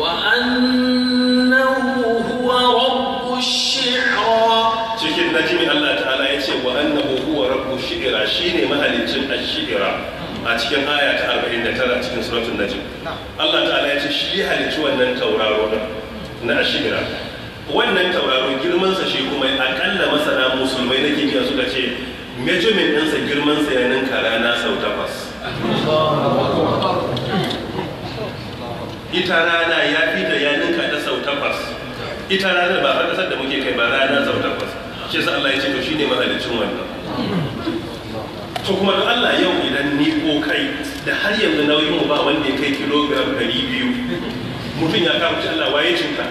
wa an shi'ira shine mahalicin ash-shi'ira a cikin aya ta 49 cikin suratul najm Allah ta'ala ya ce shi halici wannan tauraro na ash-shi'ira wannan tauraro girman sa shi kuma akalla masana musulmai nake kiya suka ce measurement ɗinsa girman sa ya ninka rana sau takwas ita rana ya fi da ya ninka ta sau takwas ita rana ba fa kasar da muke kai ba rana sau takwas shi sa Allah ya ce to shine mahalicin wannan to kuma don Allah yau idan ni ko kai da har yanzu nauyin mu ba wanda ya kai kilogram dari biyu mutum ya kawo Allah waye cuta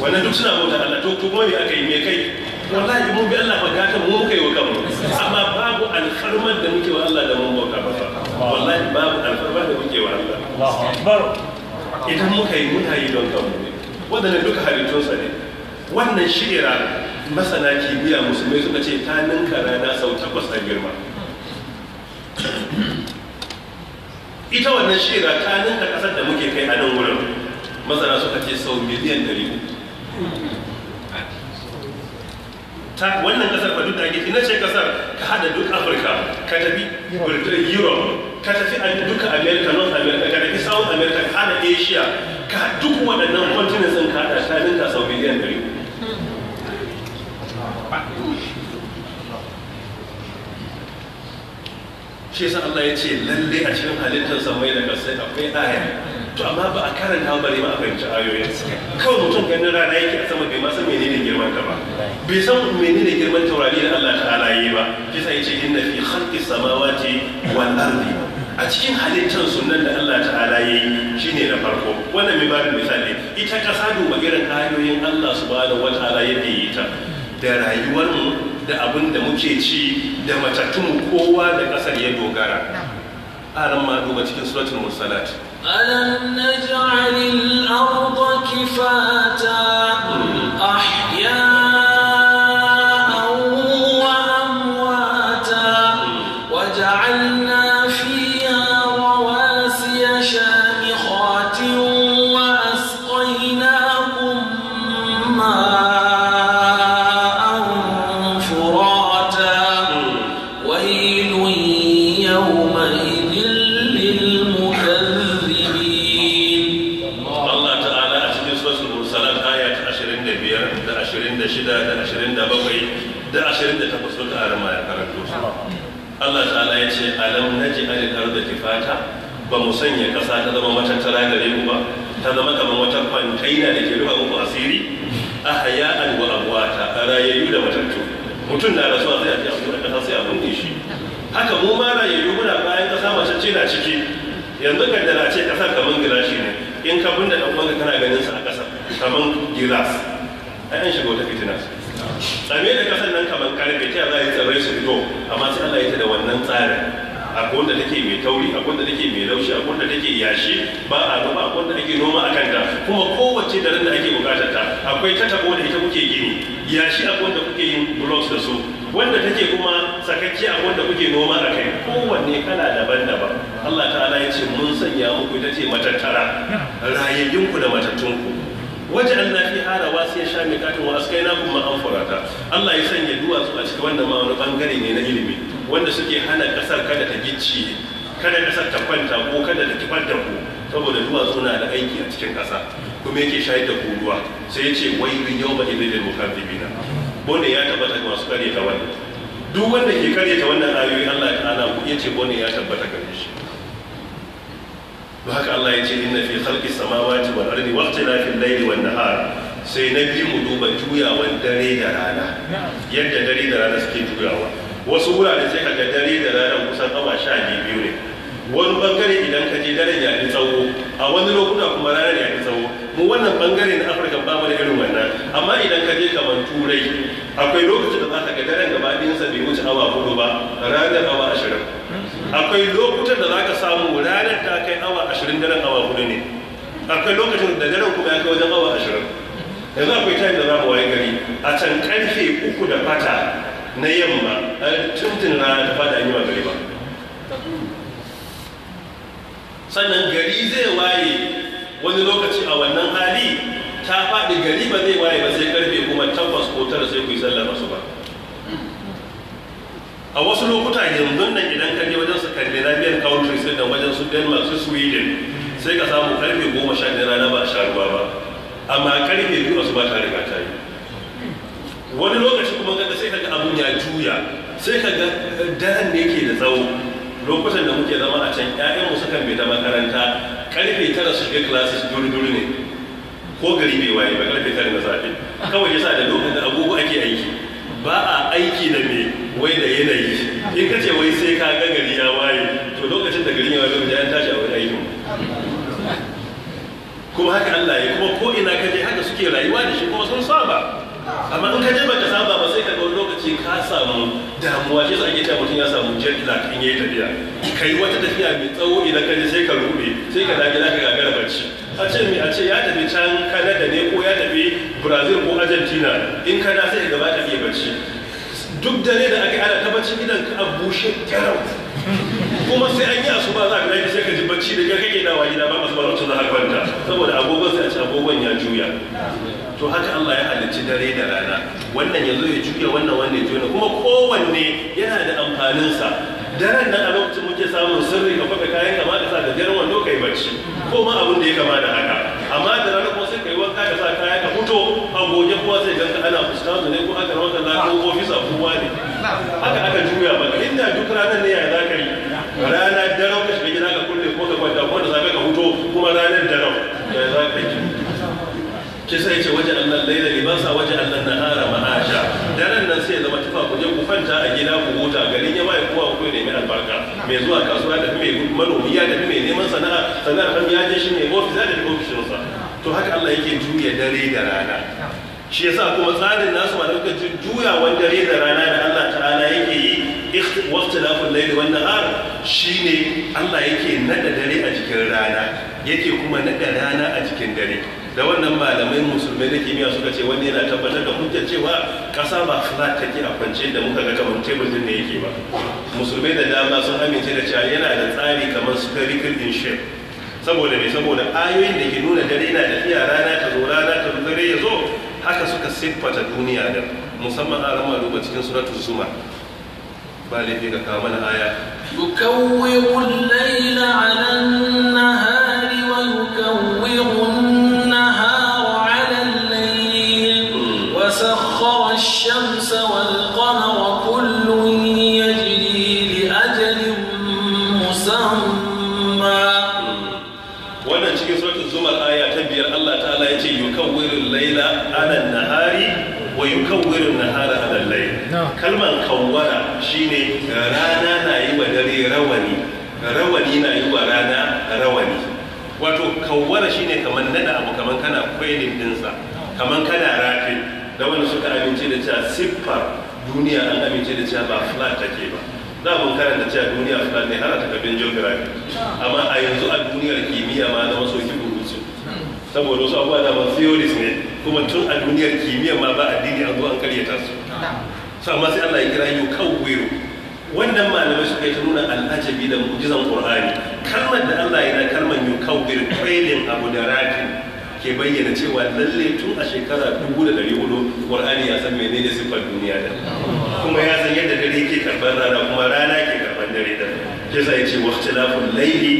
wannan duk suna bauta Allah to kuma me aka yi me kai wallahi mun bi Allah bagata mu kai yi wa kanmu amma babu alfarman da muke wa Allah da mun bauta ba wallahi babu alfarman da muke wa Allah idan muka yi muna yi don kanmu wannan wadannan duka halittunsa ne wannan shi'ira masana kimiyya musulmai suka ce ta ninka rana sau takwas a girma ita wannan shira ta ninka kasar da muke kai a nan wurin masana suka ce sau miliyan ɗari ta wannan kasar ba duk ake ina ce kasar ka hada duk afirka ka tafi birtaniya europe ka tafi duka america north america ka tafi south america ka hada asia ka duk waɗannan continents ɗin ka hada ta ninka sau miliyan ɗari shi yasa Allah ya ce lalle a cikin halittar samai da sai akwai aya to amma ba a karanta ne ba a fahimci ayoyin kawai mutum ganin rana yake a sama bai ma san menene girman ta ba bai san menene girman taurari da Allah ta'ala yi ba shi yasa yace inna fi khalqi samawati wal ardi a cikin halittar sunan da Allah ta'ala yi shine na farko wannan mai bada misali ita kasa duba irin ayoyin Allah subhanahu wa ta'ala yadda yi ta da rayuwarmu da abin da muke ci da matattun kowa da ƙasar ya dogara aran ma duba cikin suratul mursalat alam naj'alil arda kifata hmm. matattara gare mu ba ta zama kamar wata kwantaina da ke rufa uku asiri a haya'an wa amwata a rayayyu da matattu mutum na rasuwa zai a fi abu da kasa sai a bunne shi haka mu ma rayayyu muna bayan kasa ce na ciki yanzu kan da ce kasa kamar gilashi ne in ka bunne ɗan uwanka kana ganin sa a kasa kamar gilas a yan shiga wata fitina tsame da kasan nan kamar karfe ta za a yi tsirrai su fito amma sai Allah ya ta da wannan tsarin akwai wanda take mai tauri akwai wanda take mai laushi akwai wanda take yashi ba a noma akwai wanda noma a kanta kuma kowace da da ake bukatar ta akwai ta tabo da ita kuke gini yashi akwai wanda kuke yin blocks da su wanda take kuma sakakkiya akwai wanda kuke noma a kai kowanne kala daban-daban Allah ta'ala ya ce mun sanya muku ita ce matattara ku da matattunku wajen Allah fi hara sai ya sha mai katin wasu kai na kuma an furata Allah ya sanya duwatsu a cikin wannan ma wani bangare ne na ilimi wanda suke hana ƙasar kada ta gicci kada ƙasar ta kwanta ko kada ta kifar da ku saboda duwatsu na da aiki a cikin ƙasa kuma yake shayar da ruwa sai ya ce wai bin yau ba idan da dibina bone ya tabbata ga masu karyata wannan duk wanda ke karyata wannan ayoyi Allah ta'ala ku yace bone ya tabbata gare shi haka Allah ya ce inna fi khalqi samawati wal ardi wa ikhtilafi al-layli wan nahar sai na bi mu duba juyawan dare da rana yadda dare da rana suke juyawa wasu wurare sai kaga dare da ranar kusan awa sha biyu ne wani bangare idan ka je dare ya fi tsawo a wani lokuta kuma ranar ya fi tsawo mu wannan bangare na afirka ba mu da irin wannan amma idan ka je kamar turai akwai lokacin da za ka ga daren gaba sa bai wuce awa hudu ba ranar awa ashirin akwai lokutan da za ka samu ranar ta kai awa ashirin daren awa hudu ne akwai lokacin da daren kuma ya kai wajen awa ashirin yanzu akwai tayin da za mu waye gari a can karfe uku da fata na yamma tuntun rana ta fada yi wa gari ba sannan gari zai waye wani lokaci a wannan hali ta faɗi gari ba zai waye ba sai karfe kuma tabbas ko tara sai ku yi sallah masu ba a wasu lokuta yanzu nan idan ka je wajen scandinavian countries din da wajen su denmark su sweden sai ka samu karfe goma sha biyar rana ba a sha ruwa ba amma karfe biyu su ba ta riga ta wani lokaci kuma kaga sai kaga abun ya juya sai kaga eh, daren ne yake da tsawo lokutan da muke zama a can ƴaƴan mu suka bai ta makaranta karfe tara su ga classes duri duri ne ko gari bai waye ba karfe tara na safe kawai yasa da lokacin da abubuwa ake aiki ba a aiki da me wai da yanayi in ka ce wai sai ka ga gari ya waye to lokacin da gari ya waye mu an tashi a wani aikin kuma haka Allah ya kuma ko ina kaje haka suke rayuwa da shi kuma sun saba amma in ka je baka saba ba sai ka ga lokaci ka samu damuwa shi sai ake cewa mutum ya samu jet da in yayi tafiya kai wata tafiya mai tsawo idan ka je sai ka rube sai ka dage zaka gagara bacci a ce mai a ce ya tafi can Canada ne ko ya tafi Brazil ko Argentina in ka da sai ka gaba ka yi bacci duk dare da aka ana ta bacci gidan ka a bushe garau kuma sai an yi asuba za ka tashi sai ka ji bacci da ka kake dawa gida ba asuba lokacin za ka kwanta saboda agogon sai a ci agogon ya juya to haka Allah ya halicci dare da rana wannan ya zo ya juya wannan wannan ya juya kuma kowanne yana da amfanin sa daren nan a lokacin muke samun sirri ka faɗa kayan kama ka sa da jar wando kai bacci ko ma abin da ya kama da haka amma da rana kuma sai kai wanka da sa kaya ka fito a goge kuma sai ganka ana fuskanta ne ko aka rawar da ko ofisa kowa ne haka aka juya ba inda duk ranar ne ya ranar daren ka shiga gida ka kulle ko ka kwanta ko da safe ka huto kuma ranar daren ya za ka yi ke sai ce waje Allah laila libasa waje Allah nahara ma'asha daren nan sai ya zama tufa ku je ku kwanta a gida ku huta garin ya mai kowa ku nemi albarka mai zuwa kasuwa da mai manomi ya da mai neman sana'a sana'ar kan ya je shi mai ofis da sa. to haka Allah yake juya dare da rana shi yasa kuma tsarin nasu ma da kuka dare da rana da Allah ta'ala yake yi da wannan har shi ne Allah yake nada dare a cikin rana yake kuma nada rana a cikin dare da wannan malamai musulmai na kimiyya suka ce wani yana tabbatar da hujjar cewa kasa ba flat take a kwance da muka ga kamar tebur din da yake ba musulmai da dama sun amince da cewa yana da tsari kamar spherical in shape saboda mai saboda ayoyin da ke nuna dare na tafiya rana ta zo rana ta dare ya zo haka suka siffata duniya da musamman a rama duba cikin suratul zuma ما لدينا كامل آية يكور الليل training dinsa kamar kana rafin da wani suka amince da cewa siffar duniya an amince da cewa ba flat take ba za mu karanta cewa duniya flat ne har a takardun geography amma a yanzu a duniyar kimiyya ma zama soki burutsu saboda wasu abubuwa da ma theories ne kuma tun a duniyar kimiyya ma ba addini an zo an karyata su su amma sai Allah ya kira yau wero wannan malamai suka yi ta nuna al'ajabi da mu'jizan qur'ani kalmar da Allah ya na kalmar yau wero kwailin abu da rafin ke bayyana cewa lalle tun a shekara dubu da dari hudu ƙwarani ya san menene siffar duniya da kuma ya san yadda dare ke karɓar rana kuma rana ke karɓar dare da ke sa ya ce wacce lafin laili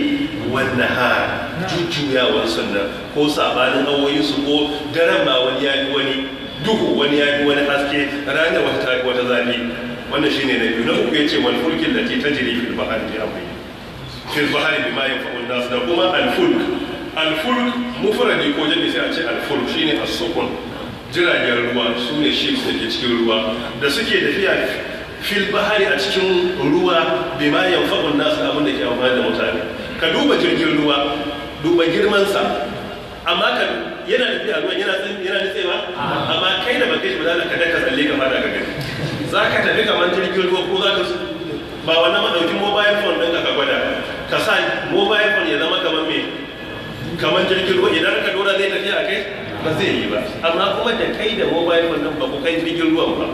wannan ha jujjuyawar sunna ko sabanin su ko daren ma wani ya wani duhu wani ya wani haske ranar wata wata zafi wannan shine na biyu na uku yace wani fulkin ta jiri fil bahari bi amri fil bahri ma yanfa'u an nasu da kuma alfulk alfulk al mufradi ko jami sai a ce alfur shine a sukun jiragen ruwa su ne shi su ke cikin ruwa da suke tafiya fil bahari a cikin ruwa bai ma yanfa'un nasu abin da ke amfani da mutane ka duba jirgin ruwa duba girmansa amma ka yana tafiya ruwan yana yana nitsewa amma kai da baka shi ba za ka daka tsalle ka fara ka gani za ka tafi kamar jirgin ruwa ko za ka ba wannan madaukin mobile phone ɗin ka gwada ka sa mobile phone ya zama kamar mai kamar jirgin ruwa idan ka dora zai tafi a kai ba zai yi ba amma kuma da kai da mobile phone ba ku kai jirgin ruwan ba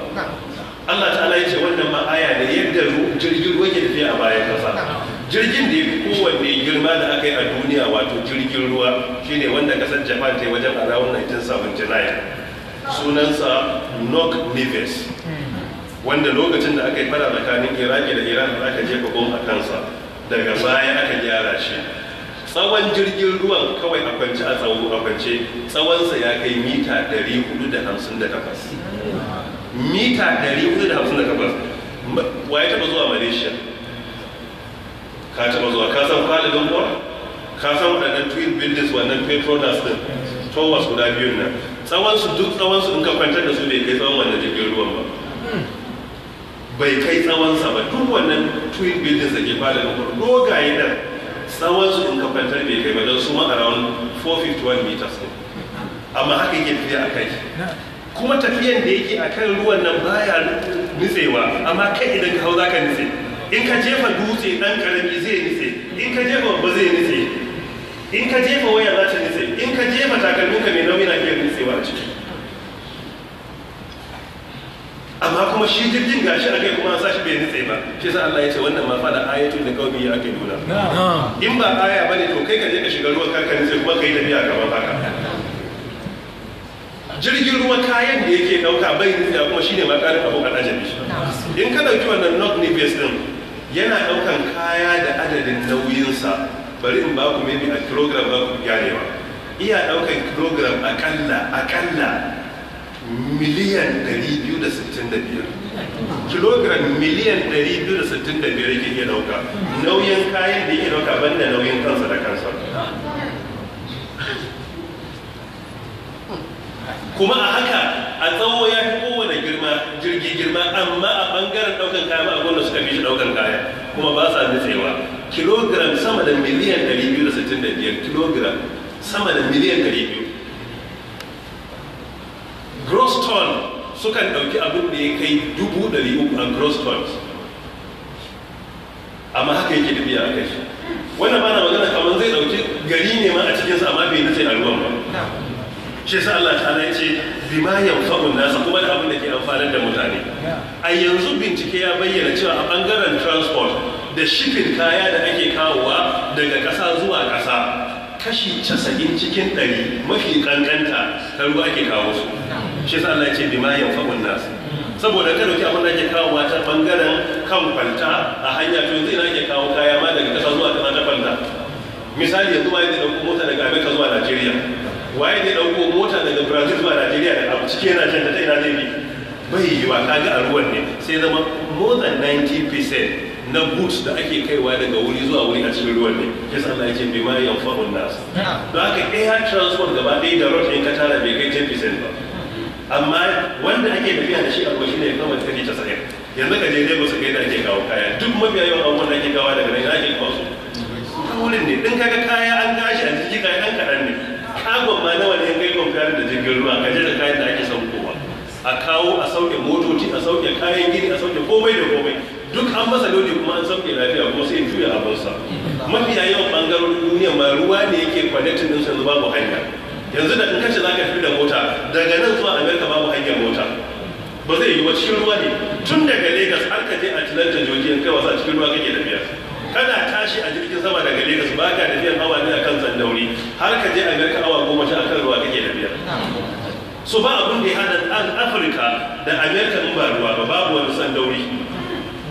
Allah ta'ala ya ce wannan ma aya da yadda jirgin ruwa ke tafiya a bayan kasa jirgin da ya fi kowanne girma da aka yi a duniya wato jirgin ruwa shine wanda kasar japan ta yi wajen a rawun 1979 sunansa nok neves wanda lokacin da aka yi fara tsakanin iraki da iran aka jefa bom a kansa daga baya aka gyara shi tsawon jirgin ruwan kawai a kwance a tsawo a kwance tsawonsa ya kai mita 458 mita 458 wa ya taba zuwa malaysia ka taba zuwa ka san kwalibin kuwa ka san waɗannan twin buildings wannan petronas din towas guda biyun nan tsawonsu duk tsawonsu in ka kwantar da su bai kai tsawon wannan jirgin ruwan ba bai kai tsawonsa ba duk wannan twin buildings da ke kwalibin kuwa dogaye nan tsawon in ka kwantar bai kai ba don su ma around 451 meters ne amma haka yake tafiya a kai kuma tafiyan da yake a kan ruwan nan baya nutsewa amma kai idan ka hau za ka nutse in ka jefa dutse dan karami zai nutse in ka jefa babba zai nutse in ka jefa waya za ta nutse in ka jefa takalmin ka mai nauyi na iya nutsewa a ciki amma kuma shi jirgin gashi a kai kuma an sashi bai nutse ba shi sa Allah ya ce wannan ma fada ayatu da qaumi ya ake nuna in ba aya bane to kai ka je ka shiga ruwan kanka sai kuma kai tafiya gaban haka jirgin ruwa kayan da yake dauka bai nutse kuma shine ma karin abu shi in ka dauki wannan not nivis din yana daukan kaya da adadin nauyin sa. bari in ba ku maybe a kilogram ba ku gane ba iya daukan kilogram akalla akalla miliyan 265 kilogram miliyan 265 yake iya dauka nauyin kayan da yake dauka banda nauyin kansa da kansa kuma a haka a tsawo ya fi kowane girma jirgi girma amma a bangaren daukan kayan ma abin da suka fi shi daukan kaya kuma ba sa nutsewa kilogram sama da miliyan 265 kilogram sama da miliyan 200 gross ton sukan ɗauki abin da ya kai dubu ɗari uku a gross ton amma haka yake tafiya a kai wannan ba na magana kamar zai ɗauki gari ne ma a cikinsa amma bai nace a ruwan ba shi sa Allah ta ya ce bima yanfa'un nasa kuma da abin da ke amfanar da mutane a yanzu bincike ya bayyana cewa a bangaren transport da shifin kaya da ake kawowa daga ƙasa zuwa ƙasa kashi casa'in cikin ɗari mafi ƙanƙanta ta ruwa ake kawo su shi sa Allah ce bima yanfa'un nas saboda ka dauki abin da ake kawo wata bangaren kan kwalta a hanya to zai na ke kawo kaya ma daga kasa zuwa kasa ta kwalta misali yanzu waye zai dauko mota daga Amerika zuwa Najeriya waye zai dauko mota daga Brazil zuwa Najeriya da abu cike yana jan da ta ina zai bi bai yi wa kaga a ruwan ne sai zama more than 90% na goods da ake kaiwa daga wuri zuwa wuri a cikin ruwan ne ya san da ake bima yan fa'un nasu don haka air transport gaba ɗaya da road in ka tara bai kai 10% ba amma wanda ake tafiya da shi abu ne kawai ta take casa'in yanzu ka je lagos kai da ake kawo kaya duk mafiya yawan abubuwan da ake kawo daga nan ake kawo su wurin ne ɗin kaga kaya an gashi a jiki kaya an kaɗan ne kagon ma nawa ne kai gwamnati da jirgin ruwa ka je da kayan da ake saukowa a kawo a sauke motoci a sauke kayan gini a sauke komai da komai duk an masa lodi kuma an sauke lafiya kuma sai in juya abinsa mafiya yawan bangarorin duniya ma ruwa ne yake connecting din yanzu babu hanya yanzu da in ce za ka fi da mota daga nan zuwa amerika babu hanyar mota ba zai yi ba cikin ruwa ne tun daga Legas, har ka je atlanta georgia kai wasa cikin ruwa kake tafiya kana tashi a jirgin sama daga Legas ba ka biyar awa ne akan zandauri har ka je amerika awa goma sha akan ruwa kake tafiya so ba abin da ya hada afirka da amerika in ba ruwa ba babu wani sandauri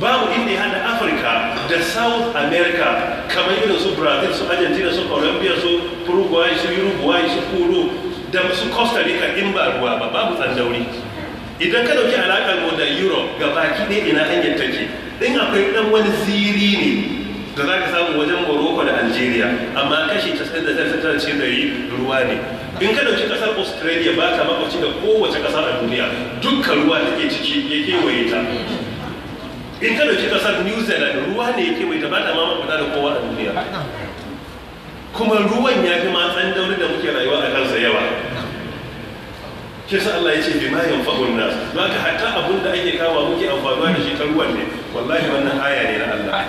babu inda ya hada afirka da south america kamar irin su brazil su argentina su colombia su uruguay su uruguay su kuru da su costa rica in ba ruwa ba babu tsandauri idan ka dauki alakar mu da europe ga baki ne ina hanyar take in akwai ɗan wani ziri ne da za ka samu wajen morocco da algeria amma kashi 99 da dari ruwa ne in ka dauki kasar australia ba ta makwaci da kowace kasa a duniya dukkan ruwa take ciki ya kewaye ta in ka dauki kasar new zealand ruwa ne yake mai tabata ma mafita da kowa a duniya kuma ruwan ya fi matsan daure da muke rayuwa a kansa yawa sa Allah ya ce bi ma yanfa'un nas don haka hatta abun da ake kawo muke amfanuwa da shi ta ruwan ne wallahi wannan aya ne na Allah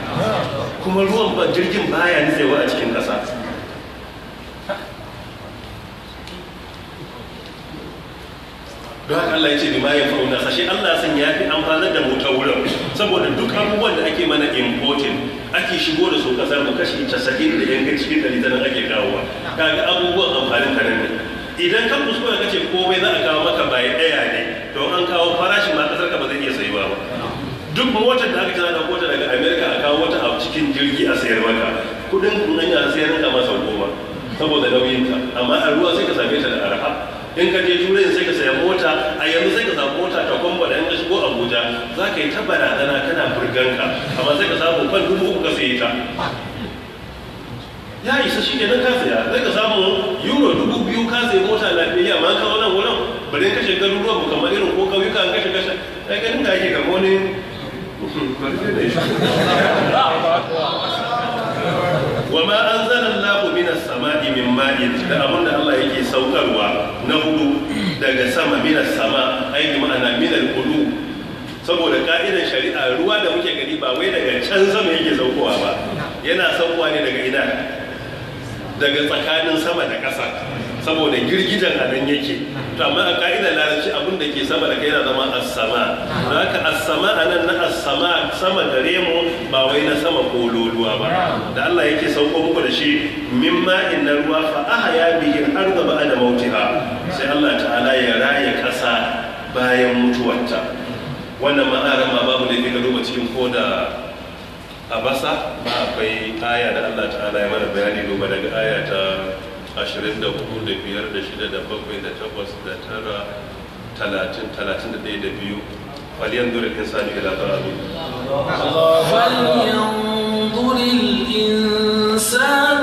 kuma ruwan ba jirgin baya nitsewa a cikin kasa don Allah ya ce bima ya fauna sashe Allah san ya fi amfani da mu ta wurin saboda duk abubuwan da ake mana importing ake shigo da su kasar mu kashi 90 da yanka cikin dari nan ake kawo kaga abubuwan amfanin ka ne idan ka kuskura kace komai za a kawo maka bai daya ne to an kawo farashin ma kasar ka ba zai iya sayuwa ba duk motar da aka tana da kota daga America a kawo wata a cikin jirgi a sayar maka kudin kun ya sayar ka masa goma saboda nauyinka amma a ruwa sai ka same ta da arha in ka je turai da mota a yanzu sai ka samu mota ta kwamba da yanzu shigo abuja za ka yi ta barazana kana burganka amma sai ka samu kwan dubu uku ka sayi ta ya isa shi kenan ka saya zai ka samu euro dubu biyu ka sayi mota na lafiya ma ka wannan wurin bari ka shiga ruwa mu kamar irin ko kauyuka ka shiga shi ai ganin da ake kamar wani wa ma anzalallahu Allahu minas sama'i min ma'in da abin da Allah yake saukarwa na hudu daga sama minas sama aiki ma'ana minar kudu saboda ka'idan shari'a ruwa da muke gani ba wai daga can sama yake saukowa ba yana saukowa ne daga ina daga tsakanin sama da ƙasa saboda girgijan a nan yake to amma a ka'idan larabci abin da ke sama da kai yana zama as-sama don haka a nan na asama sama sama da remo ba wai na sama ko loluwa ba da Allah yake sauko muku da shi mimma inna ruwa fa ahya bihi al-ardha ba'da mautiha sai Allah ta'ala ya raya kasa bayan mutuwarta wannan ma'ara ma babu da ga duba cikin ko da a basa ba akwai aya da Allah ta'ala ya mana bayani duba daga aya ta 24 da 5 da 6 da 7 da 8 da 9 talatin talatin da ɗaya da biyu falyanzur al-insanu ila ta'abi falyanzur al-insanu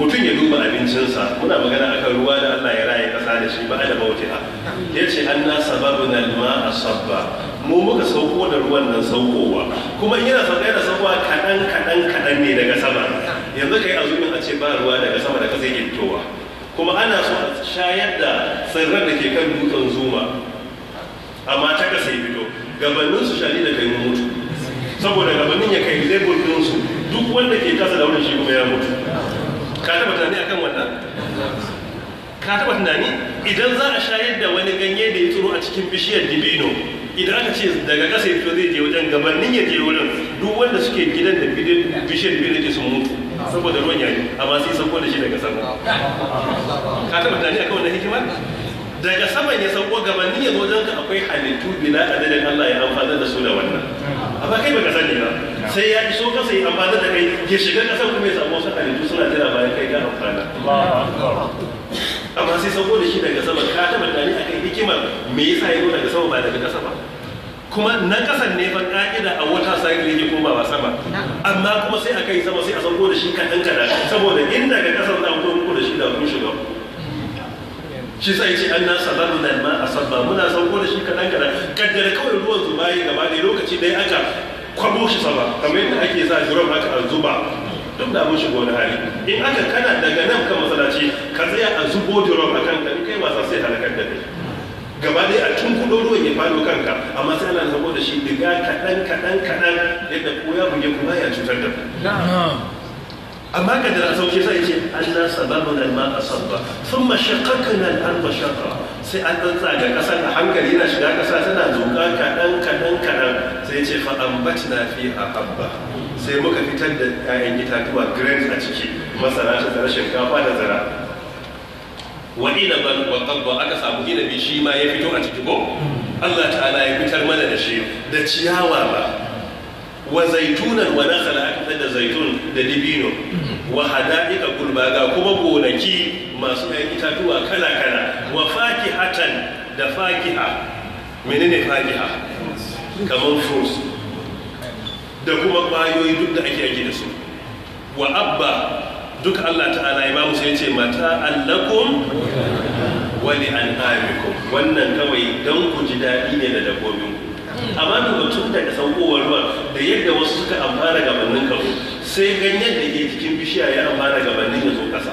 mutum ya duba abincinsa muna magana akan ruwa da Allah ya raye kasa da shi ba da bautiha ya ce an na na alma a sabba mu muka sauko da ruwan nan saukowa kuma in yana sauka yana saukowa kaɗan kaɗan kaɗan ne daga sama yanzu kai azumin a ce ba ruwa daga sama da kasa yake fitowa kuma ana so a shayar da tsirran da ke kan dutsen zuma amma ta kasa ya fito gabanin su shari da kai mutu saboda gabanin ya kai lebur duk wanda ke kasa da wani shi kuma ya mutu ka taba tunani akan wannan ka taba tunani idan za a shayar da wani ganye da ya tsoro a cikin bishiyar dibino idan aka ce daga ƙasa ya fito zai je wajen gabanin ya je wurin duk wanda suke gidan da bishiyar dibino ke sun mutu saboda ruwan yayi amma sai sauko da shi daga sama ka taba tunani akan wannan hikimar daga saman ya sauko gabanin ya zo wajen ka akwai halittu bila adadin Allah ya amfana da su da wannan amma kai baka sani ba sai ya iso kasa yi amfani da kai ya shiga kasan kuma ya samu wasu halittu suna jira bayan kai gano kwana amma sai sauko da shi daga sama ka taba a kai hikimar me yasa ya daga sama ba daga kasa ba kuma na kasan ne ban ka'ida a wata cycle koma ba sama amma kuma sai a kai sama sai a sauko da shi kaɗan kaɗan saboda in daga kasan na ko ko da shi da kun shiga shi sai ce an nasa babu nan ma a sabba muna sauko da shi kadan kadan kaddara kawai ruwan zuba yi gaba ne lokaci dai aka kwabo shi sama kamar yadda ake sa jiran haka a zuba duk da mun shigo na hali in aka kana daga nan ka masalaci ka tsaya a zubo jiran akan ka kai masu sai halakar da kai gaba dai a tun kudo ruwa ya fado kanka amma sai ana zabo da shi diga kaɗan kaɗan kaɗan yadda ko ya buge kuma ya cutar da ku amma ka da sauke sai ce Allah sababu nan ma asabba thumma shaqqaqna al-ardha shaqqa sai an dan tsaga kasa a hankali yana shiga kasa tana zuka kadan kadan kadan sai ce fa ambatna fiha habba sai muka fitar da 'ya'yan itatuwa grains a ciki masara ta zara shinkafa da zara wa inaban wa qabba aka samu inabi shi ma ya fito a ciki ko hmm. Allah ta'ala ya fitar mana da shi da ciyawa ba wa zaitunan wa nakhala aka fitar zaitun da dibino wa hada'ika gulma ga kuma gonaki masu ƴan itatuwa kala kala wa fakihatan da fakiha menene fakiha kamar fruits da kuma ƙwayoyi duk da ake ake da su wa abba duk Allah ta'ala ya ba sai ce mata allakum wa li an'amikum wannan kawai dan ku ji daɗi ne da dabbobinku amma duba da daga saukowar ruwan da yadda wasu suka amfana gabanin karo sai ganyen da ke cikin bishiya ya amfana gabanin ya zo kasa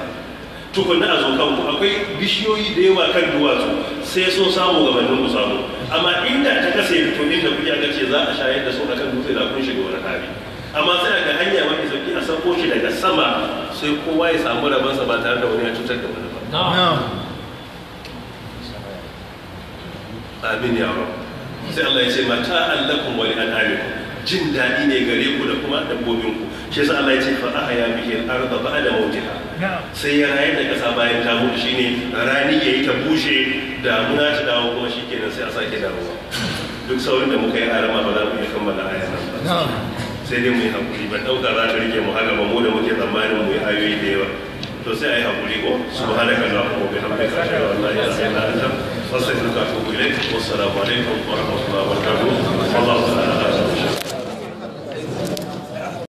tukunna a zo kanku akwai bishiyoyi da yawa kan duwatsu sai so samu gabanin mu samu amma inda ta kasa ya fito inda kuke aka ce za a shayar da su a kan dutse da kun shiga wani hali amma sai ga hanya wani sauki a sauko shi daga sama sai kowa ya samu rabansa ba tare da wani ya cutar da wani ba. Amin ya rabu. sai Allah ya ce mata allakum wa li'anamikum jin daɗi ne gare ku da kuma dabbobin ku shi yasa Allah ya ce fa ahya bihi al-ardh ba'da mawtiha sai ya rayar da kasa bayan ta mutu shine rani yayi ta bushe da muna ta dawo kuma shikenan sai a sake damuwa duk saurin da muka yi arama ba za mu iya kammala aya nan sai dai mu yi hakuri ban ɗauka za ta rike mu haka ba mu da muke tsammanin mu yi ayoyi da yawa to sai a yi hakuri ko subhanaka allahumma wa bihamdika ashhadu an la ilaha illa anta فاستغفرك واتوب اليك والسلام عليكم ورحمه الله وبركاته والله تعالى